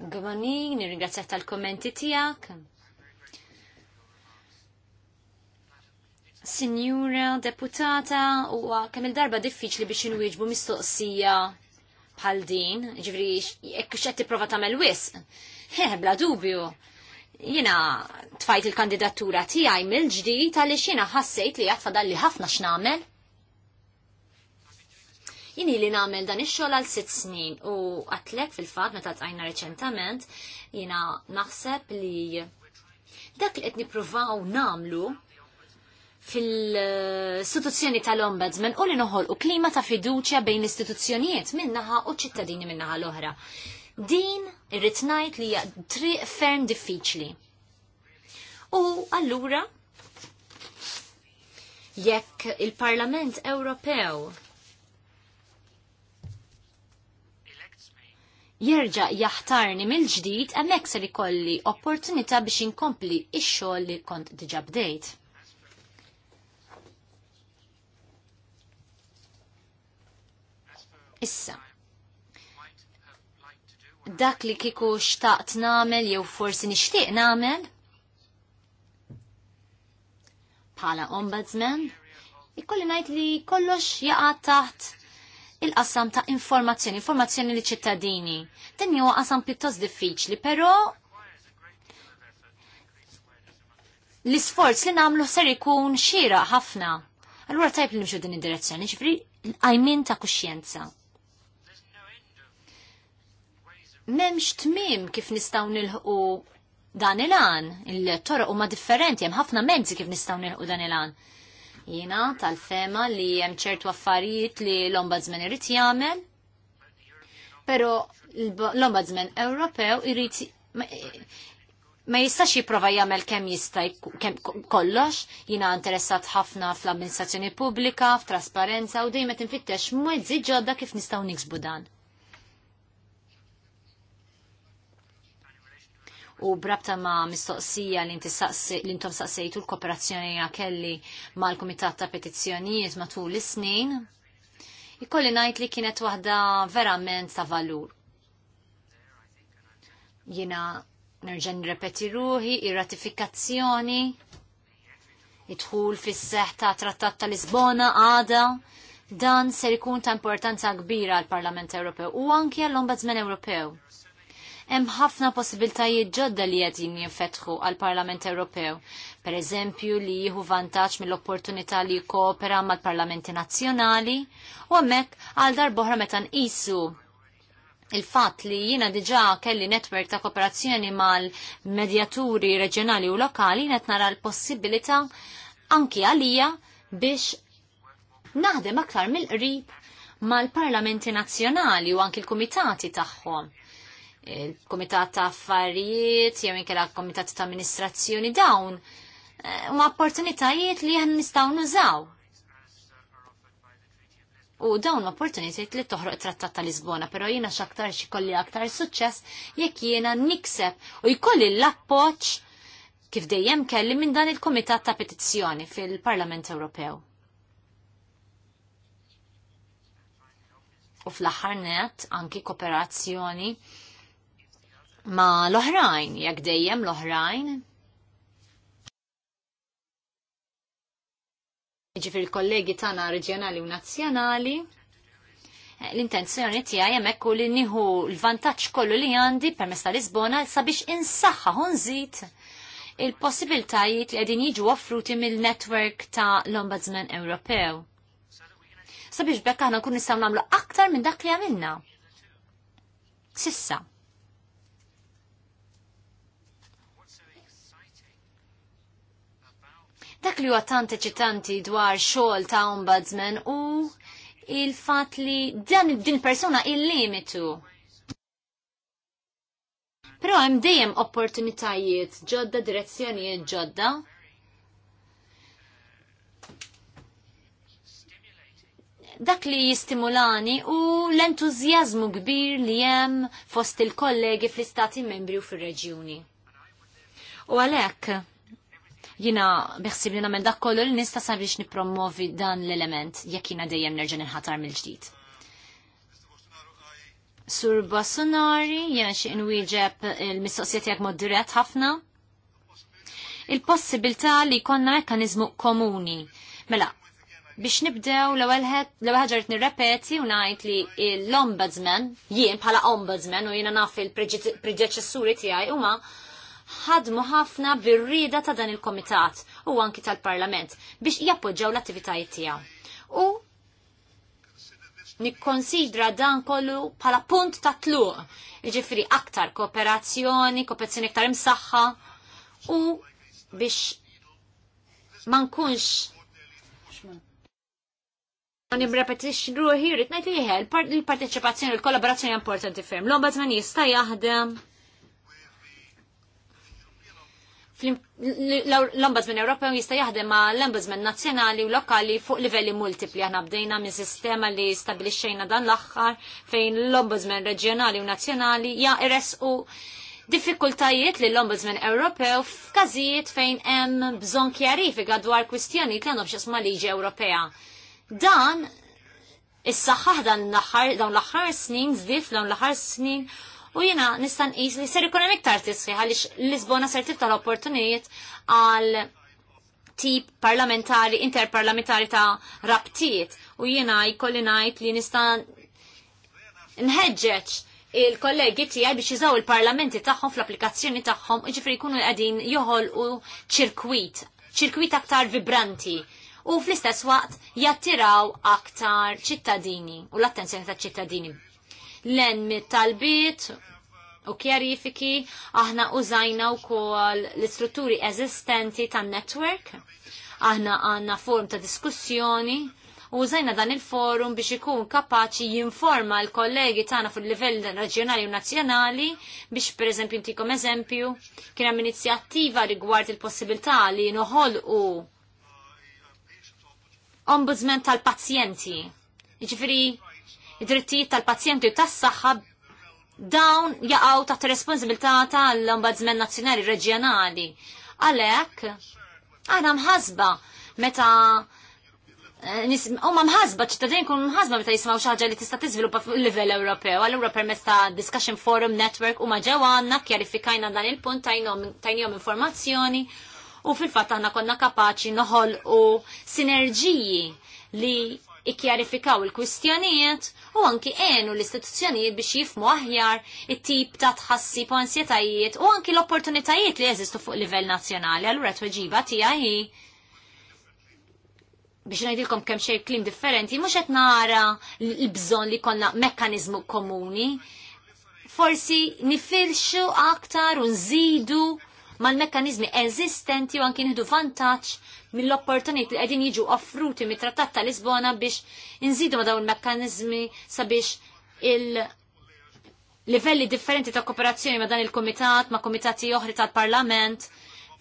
Gvani, nirringrazzjak tal-kommenti tijak. Sinjura deputata huwa kemm il-darba diffiċli biex inwieġbu mistoqsija bħal din, ġifri jekk xed tipprova tagħmel wisq. Heh, bla dubju. Jiena tfajt il-kandidatura tiegħi mill-ġdid għaliex jiena ħassejt li qed fadalli ħafna x'nagħmel. Jini li namel dan ix-xogħol għal sitt snin u għatlek fil-fatt meta tqajna reċentament jiena naħseb li dak li qed nippruvaw namlu fil-istituzzjoni tal-ombudsman u li noħolqu klima ta' fiduċja bejn l-istituzzjonijiet minnaħa u ċittadini minnaħa l-oħra. Din irrid ngħid li hija triq ferm diffiċli. U allura jekk il-Parlament Ewropew jerġa jaħtarni mill-ġdid hemmhekk se ikolli opportunità biex inkompli ix-xogħol li kont diġà bdejt. Issa, dak li kiku xtaqt namel jew forsi nixtieq namel bħala ombudsman ikolli ngħid li kollox jaqgħad taħt il-qasam ta' informazzjoni, informazzjoni li ċittadini. Dan huwa qasam pjuttost diffiċli, però l-isforz li nagħmlu ser ikun xira ħafna. Allura tajb li nimxu din id-direzzjoni, ġifri l-għajmin ta' kuxjenza. memx tmim kif nistaw nilħu dan il-għan, il u huma differenti, hemm ħafna menzi kif nistaw nilħu dan il-għan. Jina tal-fema li hemm ċertu affarijiet li l-Ombudsman irid jagħmel, però l-Ombudsman Ewropew irid ma jistax jiprofa jagħmel kemm jista' kemm kollox, jiena interessat ħafna fl-amministrazzjoni pubblika, f'trasparenza u dejjem qed infittex mezzi ġodda kif nistgħu niksbu dan. u brabta ma' mistoqsija li intom saqsejtu l-kooperazzjoni kelli mal-Kumitat ta' Petizzjonijiet matul is-snin, ikolli ngħid li kienet waħda verament ta' valur. Jiena nerġen repeti ruħi, ir-ratifikazzjoni idħul fis-seħ ta' Trattat ta' Lisbona għada dan ser ikun ta' importanza kbira għal Parlament Ewropew u anki għall ombudsman Ewropew hemm ħafna possibiltajiet ġodda li qed jinfetħu għall Parlament Ewropew. Per eżempju li jieħu vantaġġ mill-opportunità li jkopera mal-Parlamenti Nazzjonali u hemmhekk għal darb'oħra meta nqisu il-fatt li jiena diġa kelli netwerk ta' kooperazzjoni mal-medjaturi reġjonali u lokali qed nara l-possibilità anki għalija biex naħdem aktar mill-qrib mal-parlamenti nazzjonali u anki l-kumitati tagħhom il-Komitat ta' Affarijiet, jew inkella Komitat ta' Amministrazzjoni dawn eh, huma opportunitajiet li jien nistgħu nużaw. U dawn opportunitajiet li toħroq trattat ta' Lisbona, però jiena x'aktar xi kolli aktar suċċess jekk jiena nikseb u jkolli l-appoġġ kif dejjem kelli minn dan il-Komitat ta' Petizzjoni fil-Parlament Ewropew. U fl-aħħar nett, anki kooperazzjoni ma l-oħrajn, jak dejjem l-oħrajn. Ġifir kollegi tana reġjonali u nazzjonali, l-intenzjoni tiegħi hemmhekk u li nieħu l-vantaġġ kollu li għandi permezz ta' Lisbona sabiex insaħħa nżid il-possibiltajiet li qegħdin jiġu offruti mill-netwerk ta' l-Ombudsman Ewropew. Sabiex bekk aħna nkun nistgħu nagħmlu aktar minn dak li għamilna. Sissa. Dak li huwa tant eċitanti dwar xogħol ta' ombudsman u il-fat li dan din persuna il-limitu. Però hemm dejjem opportunitajiet ġodda, direzzjonijiet ġodda. Dak li jistimulani u l-entużjażmu kbir li hemm fost il-kollegi fl-istati membri u fir-reġjuni. U għalhekk Jina biħsib li namen dak kollu li nista sabiex nipromovi dan l-element jekk jina dejjem nerġan nħatar mill-ġdid. Sur Bolsonari, jena xie nwieġeb il-mistoqsijiet jgħak moddirat ħafna. Il-possibilità li konna mekanizmu komuni. Mela, biex nibdew l-ewwel nirrepeti u ngħid li l-ombudsman, jien bħala ombudsman u jiena naf il-predeċessuri tiegħi huma ħadmu ħafna bir-rida ta' dan il-komitat u anki tal-parlament biex jappoġġaw l-attivitajiet tiegħu. U nikkonsidra dan kollu bħala punt ta' tluq, jiġifieri aktar kooperazzjoni, kooperazzjoni aktar imsaħħa u biex ma nkunx Għan nirrepetix ruħi, rritnajt najt liħe, il-parteċipazzjoni, l kollaborazzjoni importanti ferm. L-ombudsman jista' jaħdem l-Ombudsman Ewropew jista' jaħdem ma' l-Ombudsman nazzjonali u lokali fuq livelli multipli. Aħna bdejna minn sistema li stabilixxejna dan l-aħħar fejn l-Ombudsman reġjonali u nazzjonali ja u diffikultajiet li l-Ombudsman Ewropew f'każijiet fejn hemm bżonn kjarifika dwar kwistjoni li għandhom x'isma' liġi Ewropea. Dan is-saħħaħ dan l-aħħar dawn l-aħħar snin żdied dawn l-aħħar snin u jina nistan iż li ser ikun iktar tisħi għaliex Lisbona ser tibta l-opportunijiet għal tip parlamentari, interparlamentari ta' rabtiet u jina jkolli ngħid li nistan nħeġġeġ il-kollegi tiegħi biex jizaw il-parlamenti tagħhom fl-applikazzjoni tagħhom, kunu jkunu qegħdin joħolqu ċirkwit, ċirkwit aktar vibranti u fl-istess waqt jattiraw aktar ċittadini u l-attenzjoni ta' ċittadini l-enmi tal-bit u kjarifiki aħna użajna u l-istrutturi eżistenti tan-network, aħna għanna form ta' diskussjoni, u użajna dan il-forum biex ikun kapaċi jinforma l-kollegi tagħna fuq livell reġjonali u nazzjonali biex pereżempju ntikom eżempju kien hemm inizjattiva rigward il-possibilità li noħolqu ombudsman tal-pazjenti. Jiġifieri id-drittijiet tal-pazjenti u tas-saħħa dawn jaqgħu taħt responsabilità tal-Ombudsman Nazzjonali Reġjonali. Għalhekk għana mħasba meta eh, Umma mħazba, ċittadin kun mħazba meta jismaw ħaġa li tista tiżviluppa fuq il-livell Ewropew. Allura permezz ta' Discussion Forum Network u maġew għandna kjarifikajna dan il-punt tajnjom informazzjoni u fil-fatt aħna konna kapaċi noħol u sinerġiji li ikkjarifikaw il-kwistjonijiet u anki għenu l-istituzzjonijiet biex jifmu aħjar it-tip ta' tħassib u u anki l-opportunitajiet li jeżistu fuq livell nazzjonali. Allura tweġiba tiegħi biex ngħidilkom kemm xejn klim differenti, mhux qed nara l-bżonn li konna mekkaniżmu komuni. Forsi nifilxu aktar u nżidu mal-mekkanizmi eżistenti u anki nħidu vantaġġ mill opportunit li qegħdin jiġu offruti mit-Trattat ta' Lisbona biex inżidu ma' dawn il-mekkanizmi sabiex il- livelli differenti ta' kooperazzjoni ma' dan il-komitat, ma' komitati oħri tal-parlament,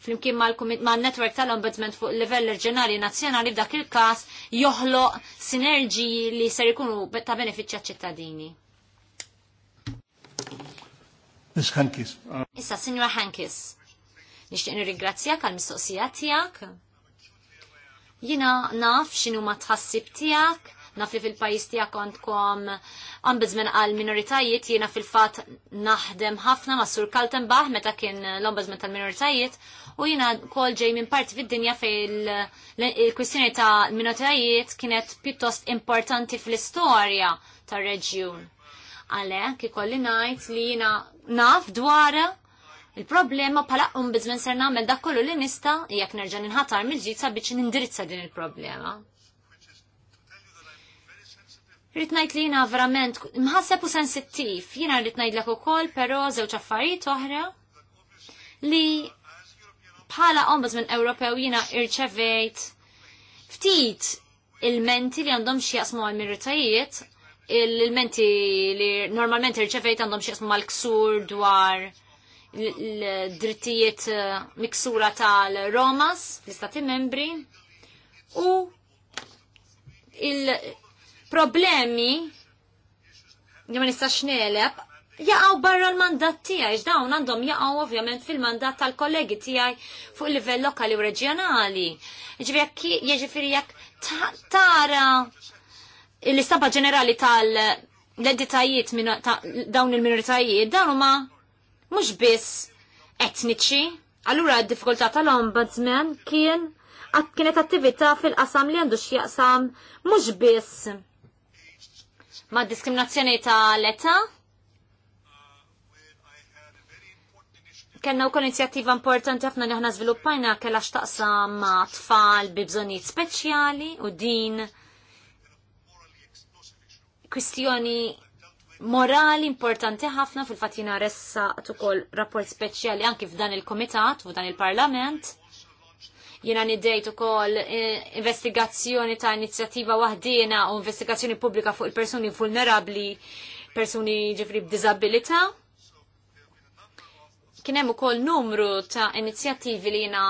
flimkien ma' network tal-ombudsman fuq livell reġjonali nazzjonali f'dak il-każ joħloq sinerġiji li ser ikunu ta' benefiċċja ċittadini. Miss Hankis. Issa, Signor Hankis. Nixtieq nirringrazzjak għal mistoqsija tiegħek. Jiena naf x'inhu ma tħassib tiegħek, naf li fil-pajjiż tiegħek kontkom ombudsman għal minoritajiet, jiena fil-fatt naħdem ħafna ma' Sur Kaltenbach meta kien l-ombudsman tal-minoritajiet u jiena kol ġej minn parti fid-dinja fil il-kwistjoni ta' minoritajiet kienet pjuttost importanti fl-istorja tar-reġjun Għalhekk ikolli najt li jina naf dwara il-problema pala bizmen ser namel dak kollu li nista jekk nerġa' inħatar mill-ġid sabiex nindirizza din il-problema. Ritnajt li jiena verament mħasseb u sensittiv, jiena rrid ngħidlek ukoll però żewġ affarijiet oħra li bħala ombudsman Ewropew jiena irċevejt ftit il-menti li għandhom xi jaqsmu għal-mirritajiet, il-menti li normalment irċevejt għandhom xi jaqsmu mal-ksur dwar l-drittijiet eh, miksura tal-Romas, l-istati membri, u il-problemi li ma nistax neħleb, jaqaw barra l-mandat tijaj, dawn għandhom jaqaw ovvjament fil-mandat tal-kollegi tijaj fuq il-livell lokali u reġjonali. Ġifiri jek tara l-istampa ġenerali tal-editajiet dawn il-minoritajiet, dawn huma mhux biss etniċi, allura d difkulta tal-ombudsman kien kienet attività fil-qasam li għandu x'jaqsam mhux biss ma' diskriminazzjoni ta' l Kenna u wkoll inizjattiva importanti ħafna li għana żviluppajna kellha x'taqsam ma' tfal bi bżonnijiet speċjali u din kwistjoni morali importanti ħafna fil-fatt jina ressa ukoll rapport speċjali anki f'dan il-komitat f'dan il-parlament. Jina nidejt ukoll eh, investigazzjoni ta' inizjattiva wahdina u investigazzjoni pubblika fuq il-persuni vulnerabli, persuni ġifri b'dizabilita kienem u kol numru ta' inizjattivi li jina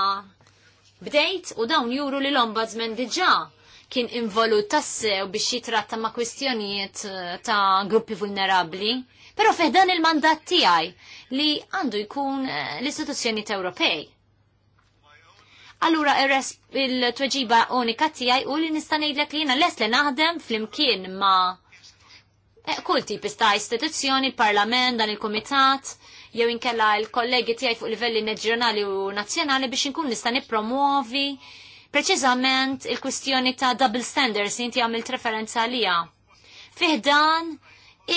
bdejt u dawn juru li l-ombudsman diġa kien involut tassew biex jitratta ma' kwistjonijiet eh, ta' gruppi vulnerabli, pero fiħdan il-mandat tiegħi li għandu jkun eh, l ta' Ewropej. Allura il-tweġiba unika tiegħi u li nista' ngħidlek li jiena les li naħdem flimkien ma' eh, kull tip ta' istituzzjoni, parlament dan il-komitat, jew inkella l-kollegi tiegħi fuq livelli neġjonali u nazzjonali biex inkun nista' promuovi preċiżament il-kwistjoni ta' double standards inti għamilt referenza għalija. Fiħdan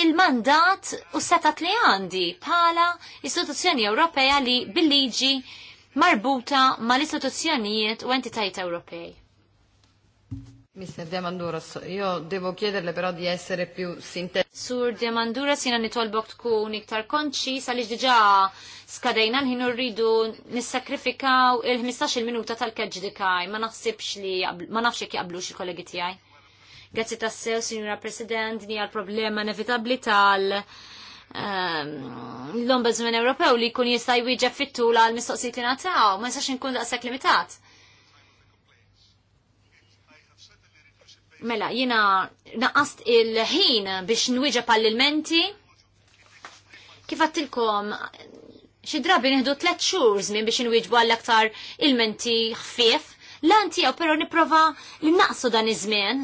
il-mandat u setat li għandi bħala istituzzjoni Ewropea li bil-liġi marbuta mal-istituzzjonijiet u entitajiet Ewropej. Mr. Diamanduras, io devo chiederle però di essere più sintetico. Sur Diamanduras, jina nitolbok tkun iktar konċis għaliex diġà skadejna nħin rridu nissakrifikaw il-15 minuta tal-kedġi dikaj, ma naħsibx li, ma nafx jek jaqblux il-kollegi tiegħi. Grazzi tassew, Signora President, ni għal-problema inevitabli tal- ehm, l-Ombudsman Ewropew li jkun jista' jwieġeb fit-tul għal mistoqsijiet li ma jistax inkun daqshekk limitat. Mela, jina naqast il-ħin biex nwiġa pallilmenti. Kif għattilkom, xi drabi nieħdu tlet xhur żmien biex inwieġbu għall aktar ilmenti ħfief. Lanti jew però nipprova li naqsu dan iż-żmien.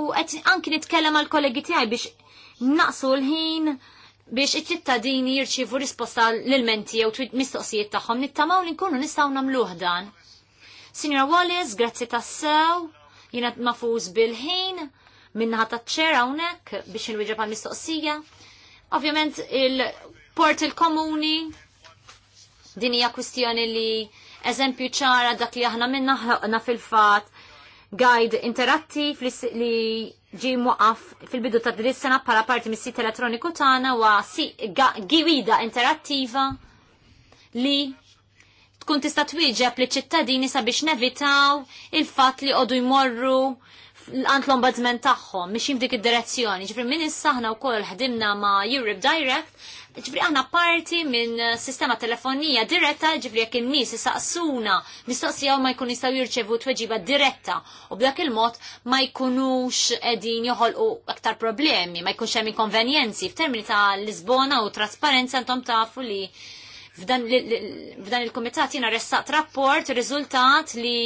U qed anki nitkellem għal kollegi tiegħi biex naqsu l-ħin biex iċ-ċittadini jirċievu risposta l-ilmenti jew mistoqsijiet tagħhom nittamaw li nkunu nistgħu nagħmluh dan. Sinjora Wallace, grazzi tassew Jiena mafuż bil-ħin minnaħat taċ-ċer hawnhekk biex inwieġeb għall-mistoqsija. Ovvjament il-port il-komuni din hija kwistjoni li eżempju ċara dak li aħna minna fil-fat guide interattiv li ġi muqaf fil-bidu ta' din sena bħala parti mis-sit elettroniku tagħna wa si, gwida interattiva li tkun tista' twieġeb li ċittadini sabiex nevitaw il-fatt li qodu jmorru għand l-ombudsman tagħhom biex dik id-direzzjoni. Ġifri minn issa aħna wkoll ħdimna ma' Europe Direct, ġifri aħna parti minn sistema telefonija diretta, ġifri jekk in-nies isaqsuna mistoqsija ma jkun jistgħu jirċevu tweġiba diretta u b'dak il-mod ma jkunux qegħdin joħolqu aktar problemi, ma jkunx hemm inkonvenjenzi f'termini ta' Lisbona u trasparenza intom tafu li F'dan il-komitat jina ressaqt rapport, riżultat li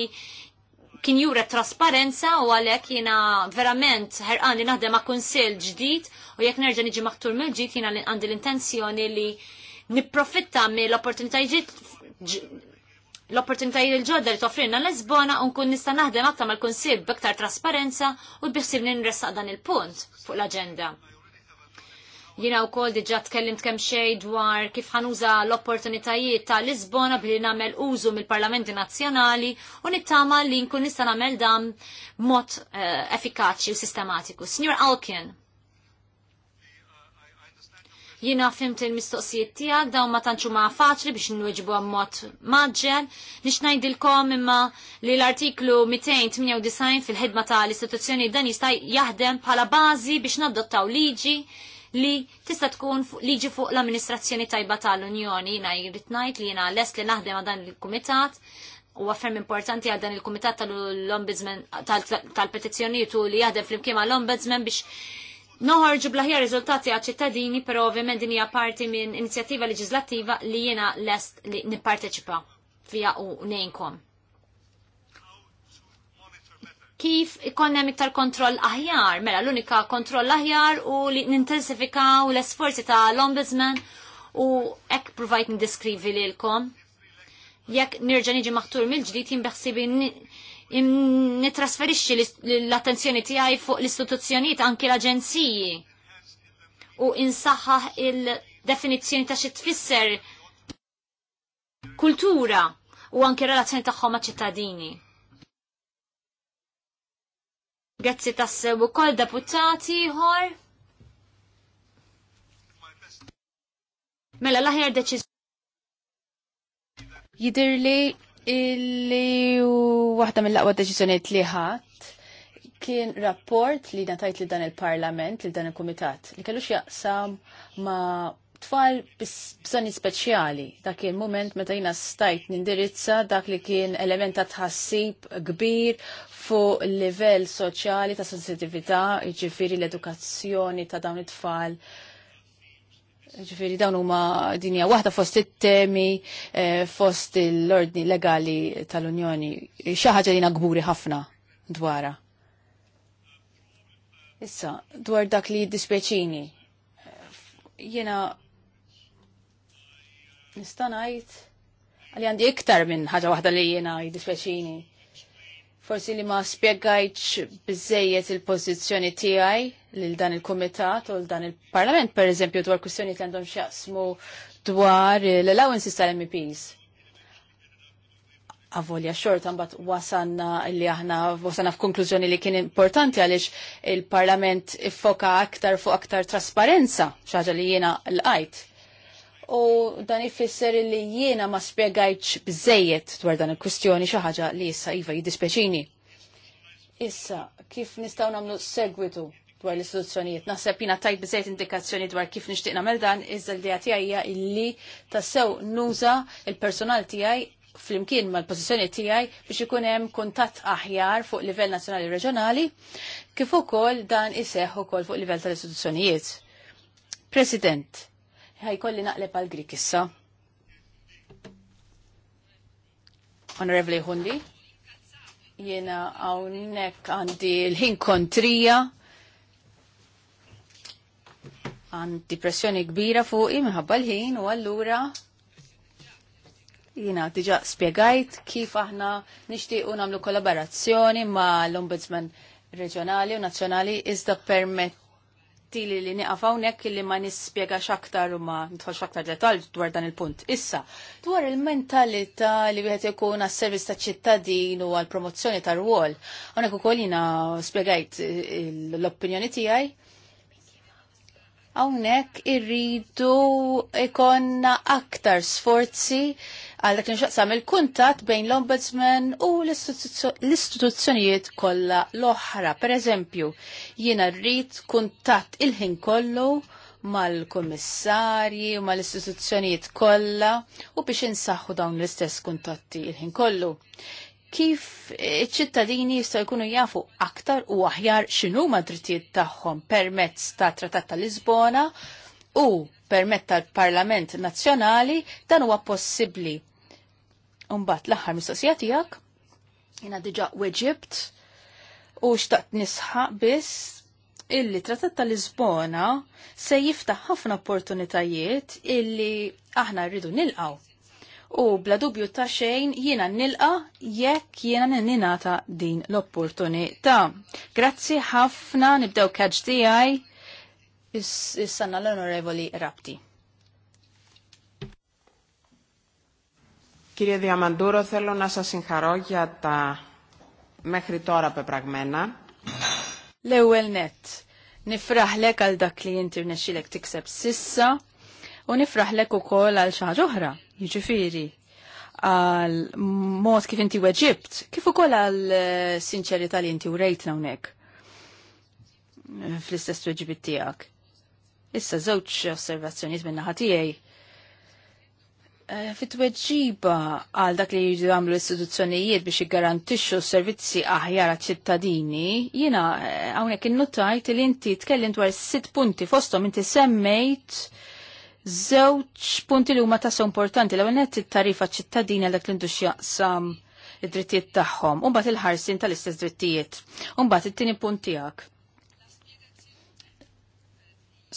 kien jura trasparenza u għalek jina verament ħerqan li naħdem ma' kunsil ġdid u jekk nerġa' niġi maħtur mill-ġdid jina għandi l-intenzjoni li nipprofitta mill l-opportunitajiet l ġodda li toffrinna l-Lisbona u nkun nista' naħdem aktar mal-Kunsill b'iktar trasparenza u biħsib nressaq dan il-punt fuq l-aġenda. Jina u kol diġa tkellimt kem xej dwar kif ħanuża l-opportunitajiet ta' Lisbona billi namel użu mill-Parlamenti Nazzjonali u nittama li nkun nista' namel dam mod uh, effikaċi u sistematiku. Signor Alkin, jina fimt il-mistoqsijiet tijak, daw ma tanċu ma faċli biex nwieġbu għammot maġġel, nix najdilkom imma li l-artiklu 298 fil-ħidma tal-istituzzjoni dan jista' jaħdem bħala bazi biex naddottaw liġi li tista' tkun liġi fuq l-amministrazzjoni tajba tal-Unjoni jina jrid ngħid li jiena lest li naħdem għal dan il-kumitat u għaffem importanti għal dan il-kumitat tal-ombudsman tal-petizzjonijiet u li jaħdem fl mal-ombudsman biex Noħorġu blaħja riżultati għal ċittadini, però ovvjament din hija parti minn inizjattiva leġislattiva li jiena lest li nipparteċipa fija u nejnkom kif ikollna iktar kontroll aħjar, mela l-unika kontroll aħjar u li nintensifikaw l-esforzi ta' l-ombudsman u ek provajt l lilkom. Jekk nirġan niġi maħtur mill-ġdid jinbeħsibi nitrasferixxi l-attenzjoni tiegħi fuq l-istituzzjonijiet anki l-aġenziji u insaħħaħ il-definizzjoni ta' xi tfisser kultura u anki relazzjoni tagħhom ma' ċittadini. Grazzi tassew u kol deputati ħor. Mela laħjar deċiż. Jidir li illi waħda mill-aqwa deċizjoniet li ħadd kien rapport li natajt li dan il-parlament, li dan il-komitat, li kellux jaqsam ma' tfal b'sani speċjali. Dak il moment meta jina stajt nindirizza dak li kien element ta' tħassib kbir fuq livell soċjali ta' sensitività, iġifiri l-edukazzjoni ta' dawn it-tfal. Ġifiri dawn huma dinja waħda fost it-temi eh, fost l-ordni legali tal-Unjoni. Xaħġa ħaġa jina gburi ħafna dwara. Issa, dwar dak li dispeċini. Jena nista' ngħid għalli għandi iktar minn ħaġa waħda li jiena jiddispeċini. Forsi li ma spjegajtx bizzejiet il-pożizzjoni tiegħi lil dan il-kumitat u l dan il-parlament pereżempju dwar kwistjoni li għandhom x'jaqsmu dwar l-allowances tal-MEPs avolja xort għambat wasanna li aħna wasanna f'konklużjoni li kien importanti għalix il-parlament iffoka aktar fuq aktar trasparenza, xaġa li jiena l-għajt u dan ifisser li jiena ma spiegajċ bżejjed dwar dan il-kwistjoni xi ħaġa li issa iva jiddispeċini. Issa, kif nistgħu nagħmlu segwitu dwar l-istituzzjonijiet? Naħseb jiena tajt bżejiet indikazzjoni dwar kif nixtieq nagħmel dan iżda l tiegħi illi tassew nuża il-personal tiegħi fl-imkien ma l-pozizjoni tiegħi biex ikun hemm kuntatt aħjar fuq livell nazzjonali reġjonali, kif ukoll dan iseħħ ukoll fuq livell tal-istituzzjonijiet. President, ħajkolli naqleb għal Grik issa. Honorevoli Hundi, jena għawnek għandi l-ħin kontrija, għandi pressjoni kbira fuq imħabba l-ħin u għallura jina diġa spiegajt kif aħna nishtiqu namlu kollaborazzjoni ma l-Ombudsman reġjonali u nazzjonali iżda permett Tili li niqafaw hawnhekk li ma nispiega xaktar u ma nitħol xaktar detal dwar dan il-punt. Issa, dwar il-mentalità li wieħed ikun għas servis taċ-ċittadin u għall-promozzjoni tar-rwol. Hawnhekk ukoll kolina spjegajt eh, l-opinjoni tiegħi Għonek irridu ikonna aktar sforzi għal dak nxaqsam il-kuntat bejn l-Ombudsman u l-istituzzjonijiet kollha l-oħra. Per eżempju, jiena rrid kuntat il-ħin kollu mal-kommissarji u mal-istituzzjonijiet kollha u biex insaħħu dawn l-istess kuntatti il-ħin kollu. Kif iċ-ċittadini jistgħu jkunu jafu aktar u aħjar x'inhuma ma drittijiet tagħhom permezz ta' Trattat ta' Lisbona u permetta l-Parlament Nazzjonali dan huwa possibbli. Umbat l-aħħar mistoqsija tiegħek jiena diġà weġibt u xtaqt nisħaq biss illi Trattat ta' Lisbona se jiftaħ ħafna opportunitajiet illi aħna rridu nilqaw. U bla dubju ta' xejn jiena nilqa jekk jiena ninata din l-opportunità. Grazzi ħafna nibdew kaġ tiegħi Is-sanna l-onorevoli Rapti. Κύριε Diamanduro, θέλω να σας συγχαρώ για τα μέχρι τώρα πεπραγμένα. L-ewwel net, nifraħlek għal dak li inti rnexxilek tikseb sissa u nifraħlek ukoll għal xi ħaġa oħra, jiġifieri għal mod kif inti weġibt, kif ukoll għal eh, sinċerità li inti urejtna hawnhekk eh, fl-istess weġibit tiegħek. Issa żewġ osservazzjonijiet minn naħa tiegħi. Eh, fit weġġiba għal dak li jridu għamlu istituzzjonijiet biex jgarantixxu servizzi aħjar ċittadini, jiena eh, hawnhekk innutajt li inti tkellim dwar sitt punti fosthom inti semmejt żewġ punti li huma tassew importanti l-ewwel it-tarifa ċittadini għal dak li ndux jaqsam id-drittijiet tagħhom, u mbagħad il-ħarsin tal-istess drittijiet. U mbagħad it-tieni punt tiegħek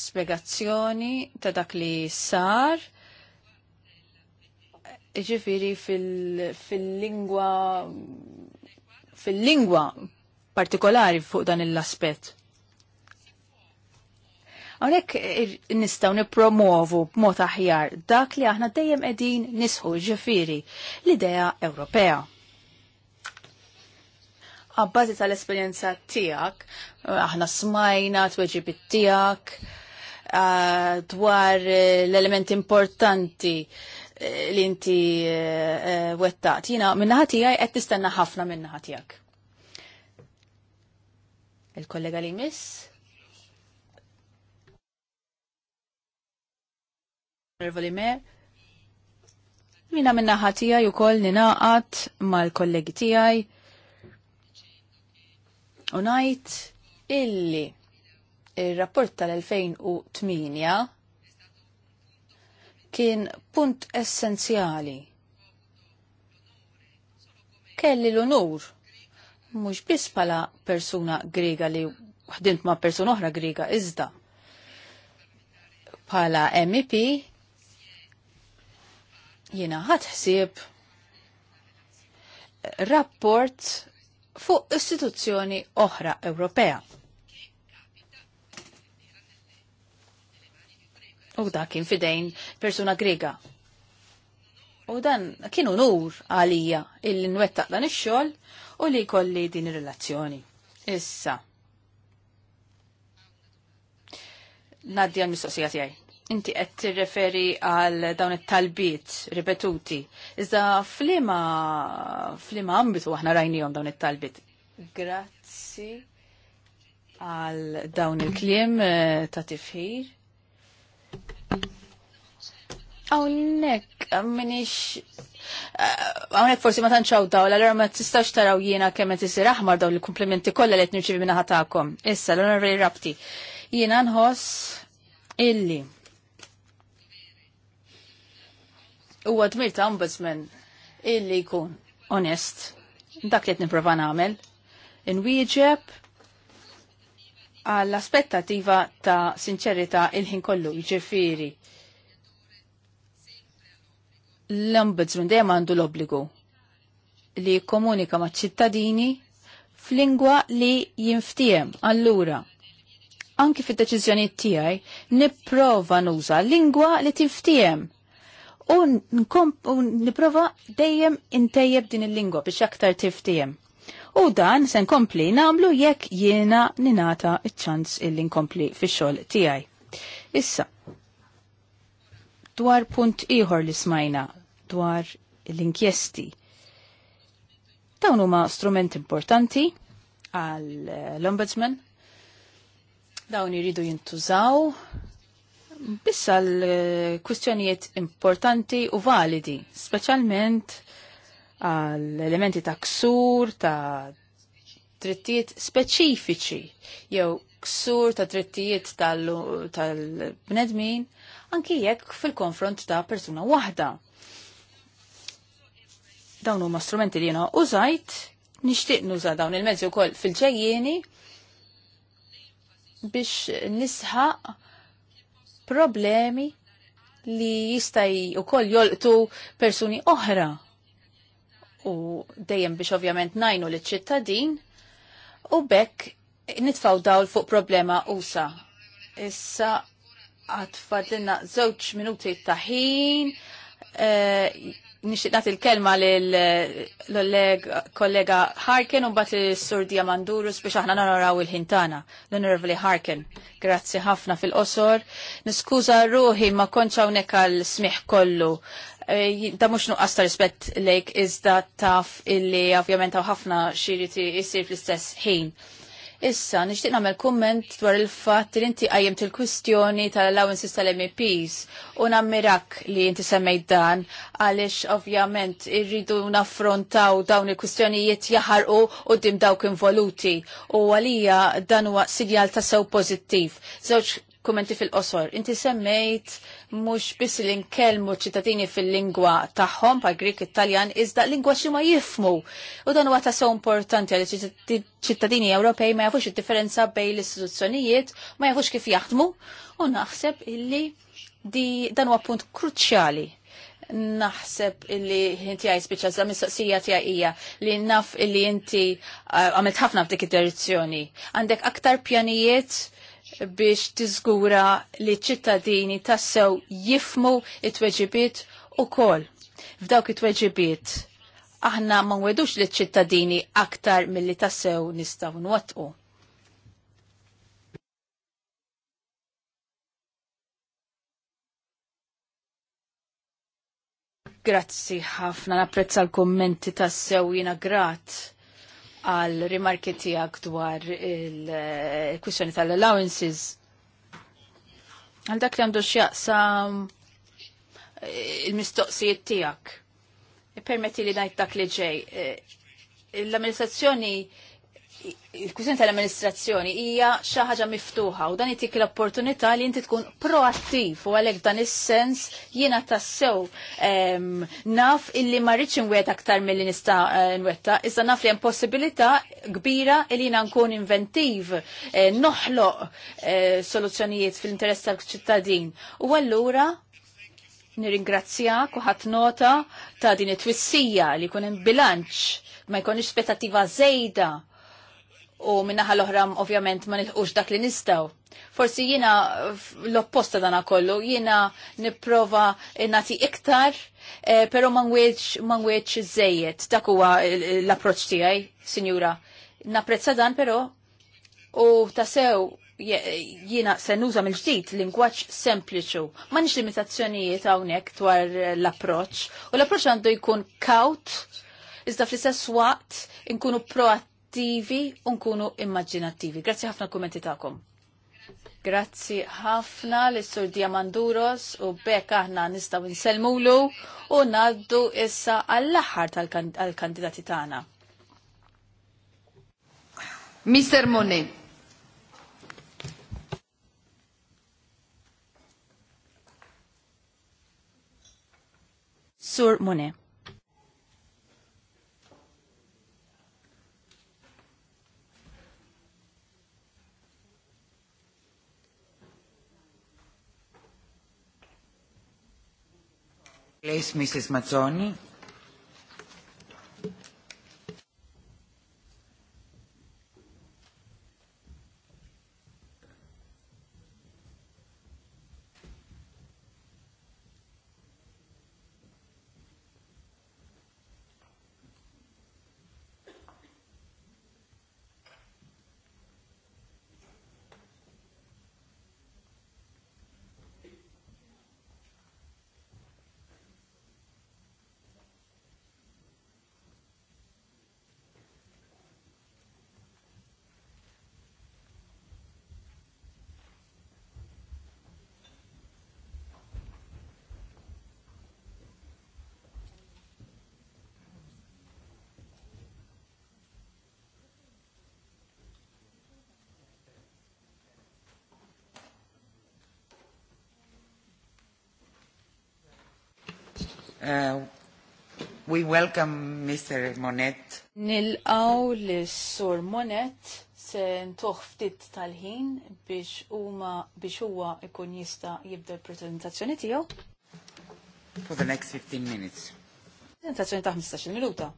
spiegazzjoni ta' dak li sar ġifiri fil-lingwa fil-lingwa partikolari fuq dan l-aspet. Għonek nistaw nipromovu b'mod aħjar dak li aħna dejjem edin nisħu ġifiri l-idea Ewropea. Għabbażi tal-esperienza tijak, aħna smajna, t-weġibit tijak, dwar eh, l-element importanti eh, li inti eh, wettat. Jina, minnaħa għaj għed tistenna ħafna minnaħa għak. Il-kollega li mis. Nervoli me? Mina minnaħati għaj u koll ninaqat mal-kollegi tijaj. Unajt illi il-rapport tal-2008 kien punt essenzjali. Kelli l-onur, mux bis pala persuna grega li uħdint ma persuna oħra grega iżda. Pala MEP jina ħatħsib rapport fuq istituzzjoni oħra Ewropea. u da kien fidejn persuna grega. U dan kien unur għalija illi nwettaq dan ix-xogħol u li kolli din ir-relazzjoni. Issa. Naddi għal-mistoqsija tiegħi. Inti qed tirreferi għal dawn it-talbiet ripetuti. Iżda flima flima ambitu aħna rajnihom dawn it-talbiet. Grazzi għal dawn il-kliem eh, ta' tifħir. Għawnek, minix, għawnek eh, forsi ma tanċaw daw, l-għalra ma tistax taraw jiena kemm qed isir aħmar daw l-komplimenti kollha li qed nirċievi minna ħatakom. Issa l-onorri rabti. Jiena nħoss illi. Huwa dmir ta' ombudsman illi jkun onest dak li qed nipprova nagħmel. Inwieġeb għall-aspettativa ta' sinċerità il-ħin kollu ġifiri. L-ombudsman dejjem għandu l-obbligu li komunika ma' ċittadini f'lingwa li jinftijem. Allura, anki fid deċizjoni tiegħi nipprova nuża lingwa li tinftijem. U niprofa dejjem intejjeb din il-lingwa biex aktar tiftijem u dan se nkompli namlu jekk jiena ninata iċ-ċans illi nkompli fix-xogħol tiegħi. Issa, dwar punt ieħor li smajna dwar l-inkjesti. Dawn huma strument importanti għall eh, ombudsman Dawn iridu jintużaw bissa l-kwistjonijiet eh, importanti u validi, speċjalment għal elementi ta' ksur, ta' drittijiet speċifiċi, jew ksur ta' drittijiet tal-bnedmin, anki jekk fil-konfront ta' persuna waħda. Dawn huma strumenti li jiena użajt, nixtieq nuża dawn il-mezzi wkoll fil-ġejjieni biex nisħaq problemi li jistaj u koll jolqtu persuni oħra u dejjem biex ovvjament najnu li ċittadin u bekk nitfaw dawl fuq problema usa. Issa għatfadlina zewċ minuti taħin, e, eh, nixtiqnat il-kelma l-kollega kollega Harkin u bat l-sur Diamandurus biex aħna naraw il-ħintana, l-onorevoli Harken, Grazzi ħafna fil-qosor. Niskuza ruħi ma konċaw unek għal-smiħ kollu. Eh, da mux nuqqas ta' rispett lejk iżda taf illi ovvjament hawn ħafna xiriti jisir fl-istess ħin. Issa, nishtiq namel komment dwar il-fat li inti għajem til-kwistjoni tal-allowances tal-MEPs u nammirak li inti semmejt dan għalix ovvjament irridu naffrontaw dawn il-kwistjonijiet jaħarqu u dim dawk involuti u għalija dan huwa sinjal ta' sew pozittiv. Zewġ kommenti fil-qosor. Inti semmejt mhux biss li nkellmu ċittadini fil-lingwa tagħhom pa' Grik Italjan iżda lingwa xi ma jifmu. U dan huwa ta' so importanti għal ċittadini Ewropej ma jafux id-differenza bejn l-istituzzjonijiet, ma jafux kif jaħdmu u naħseb illi di dan huwa punt kruċjali naħseb illi inti għaj spiċa za mistaqsija tija ija li naf illi inti uh, għamilt ħafna f'dik id-direzzjoni. Għandek aktar pjanijiet biex tiżgura li ċittadini tassew jifmu it-tweġibiet u kol. F'dawk it-tweġibiet, aħna ma nwedux li ċittadini aktar mill-li tassew nistaw nwatqu. Grazzi ħafna, napprezza l-kommenti tassew jina grat għal rimarki tiegħek dwar il-kwissjoni tal-allowances. Għal dak li għandu x'jaqsam il-mistoqsijiet tiegħek. Permetti li ngħid dak li ġej. Eh, l-amministrazzjoni il-kusin tal-amministrazzjoni hija xi ħaġa miftuħa u dan jtik l-opportunità li inti tkun proattiv u għalhekk dan is-sens jiena tassew naf illi ma rridx inwet aktar milli nista' eh, nwetta, iżda naf li hemm possibilità kbira li jiena nkun inventiv, eh, noħloq eh, soluzzjonijiet fil-interess tal-ċittadin. U allura nirringrazzjak u ħadd nota ta' din it-twissija li jkun hemm bilanċ ma jkunx spettattiva żejda u minnaħa l-oħra ovvjament ma nilħux dak li nistaw. Forsi jina l-opposta dana kollu, jina niprofa nati iktar, eh, pero manweċ manweċ zejjed, dak huwa eh, l-approċ tiegħi, sinjura. Napprezza dan però u tasew jina se nuża mill-ġdid lingwaġġ sempliċu. Ma nix limitazzjonijiet hawnhekk dwar l-approċ. U l-approċ għandu jkun kaut, iżda fl-istess waqt inkunu proattivi attivi u nkunu immaġinattivi. Grazzi ħafna kummenti tagħkom. Grazzi ħafna l-Sur Diamanduros u bekk aħna nistgħu nselmulu u ngħaddu issa għall-aħħar tal-kandidati tagħna. Mr. Moni. Sur Monet. Place Mrs. Mazzoni. Uh, we welcome Mr. Monet. nil Nilqaw li sur Monet se ntuħ ftit tal-ħin biex huma biex huwa ikun jista' jibda l-prezentazzjoni tiegħu. For the next 15 minutes. Prezentazzjoni ta' 15 minuta.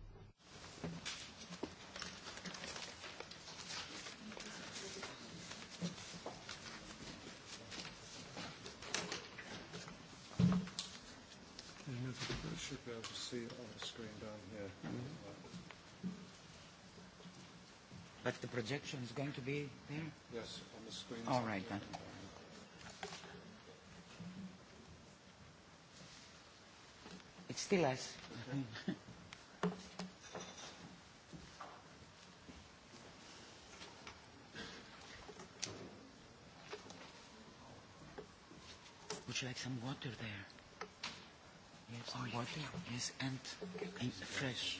presentation is going to be there? Yes, on the screen. All right then. It's still us. Would you like some water there? Yes, oh, water. Yes, and, and fresh.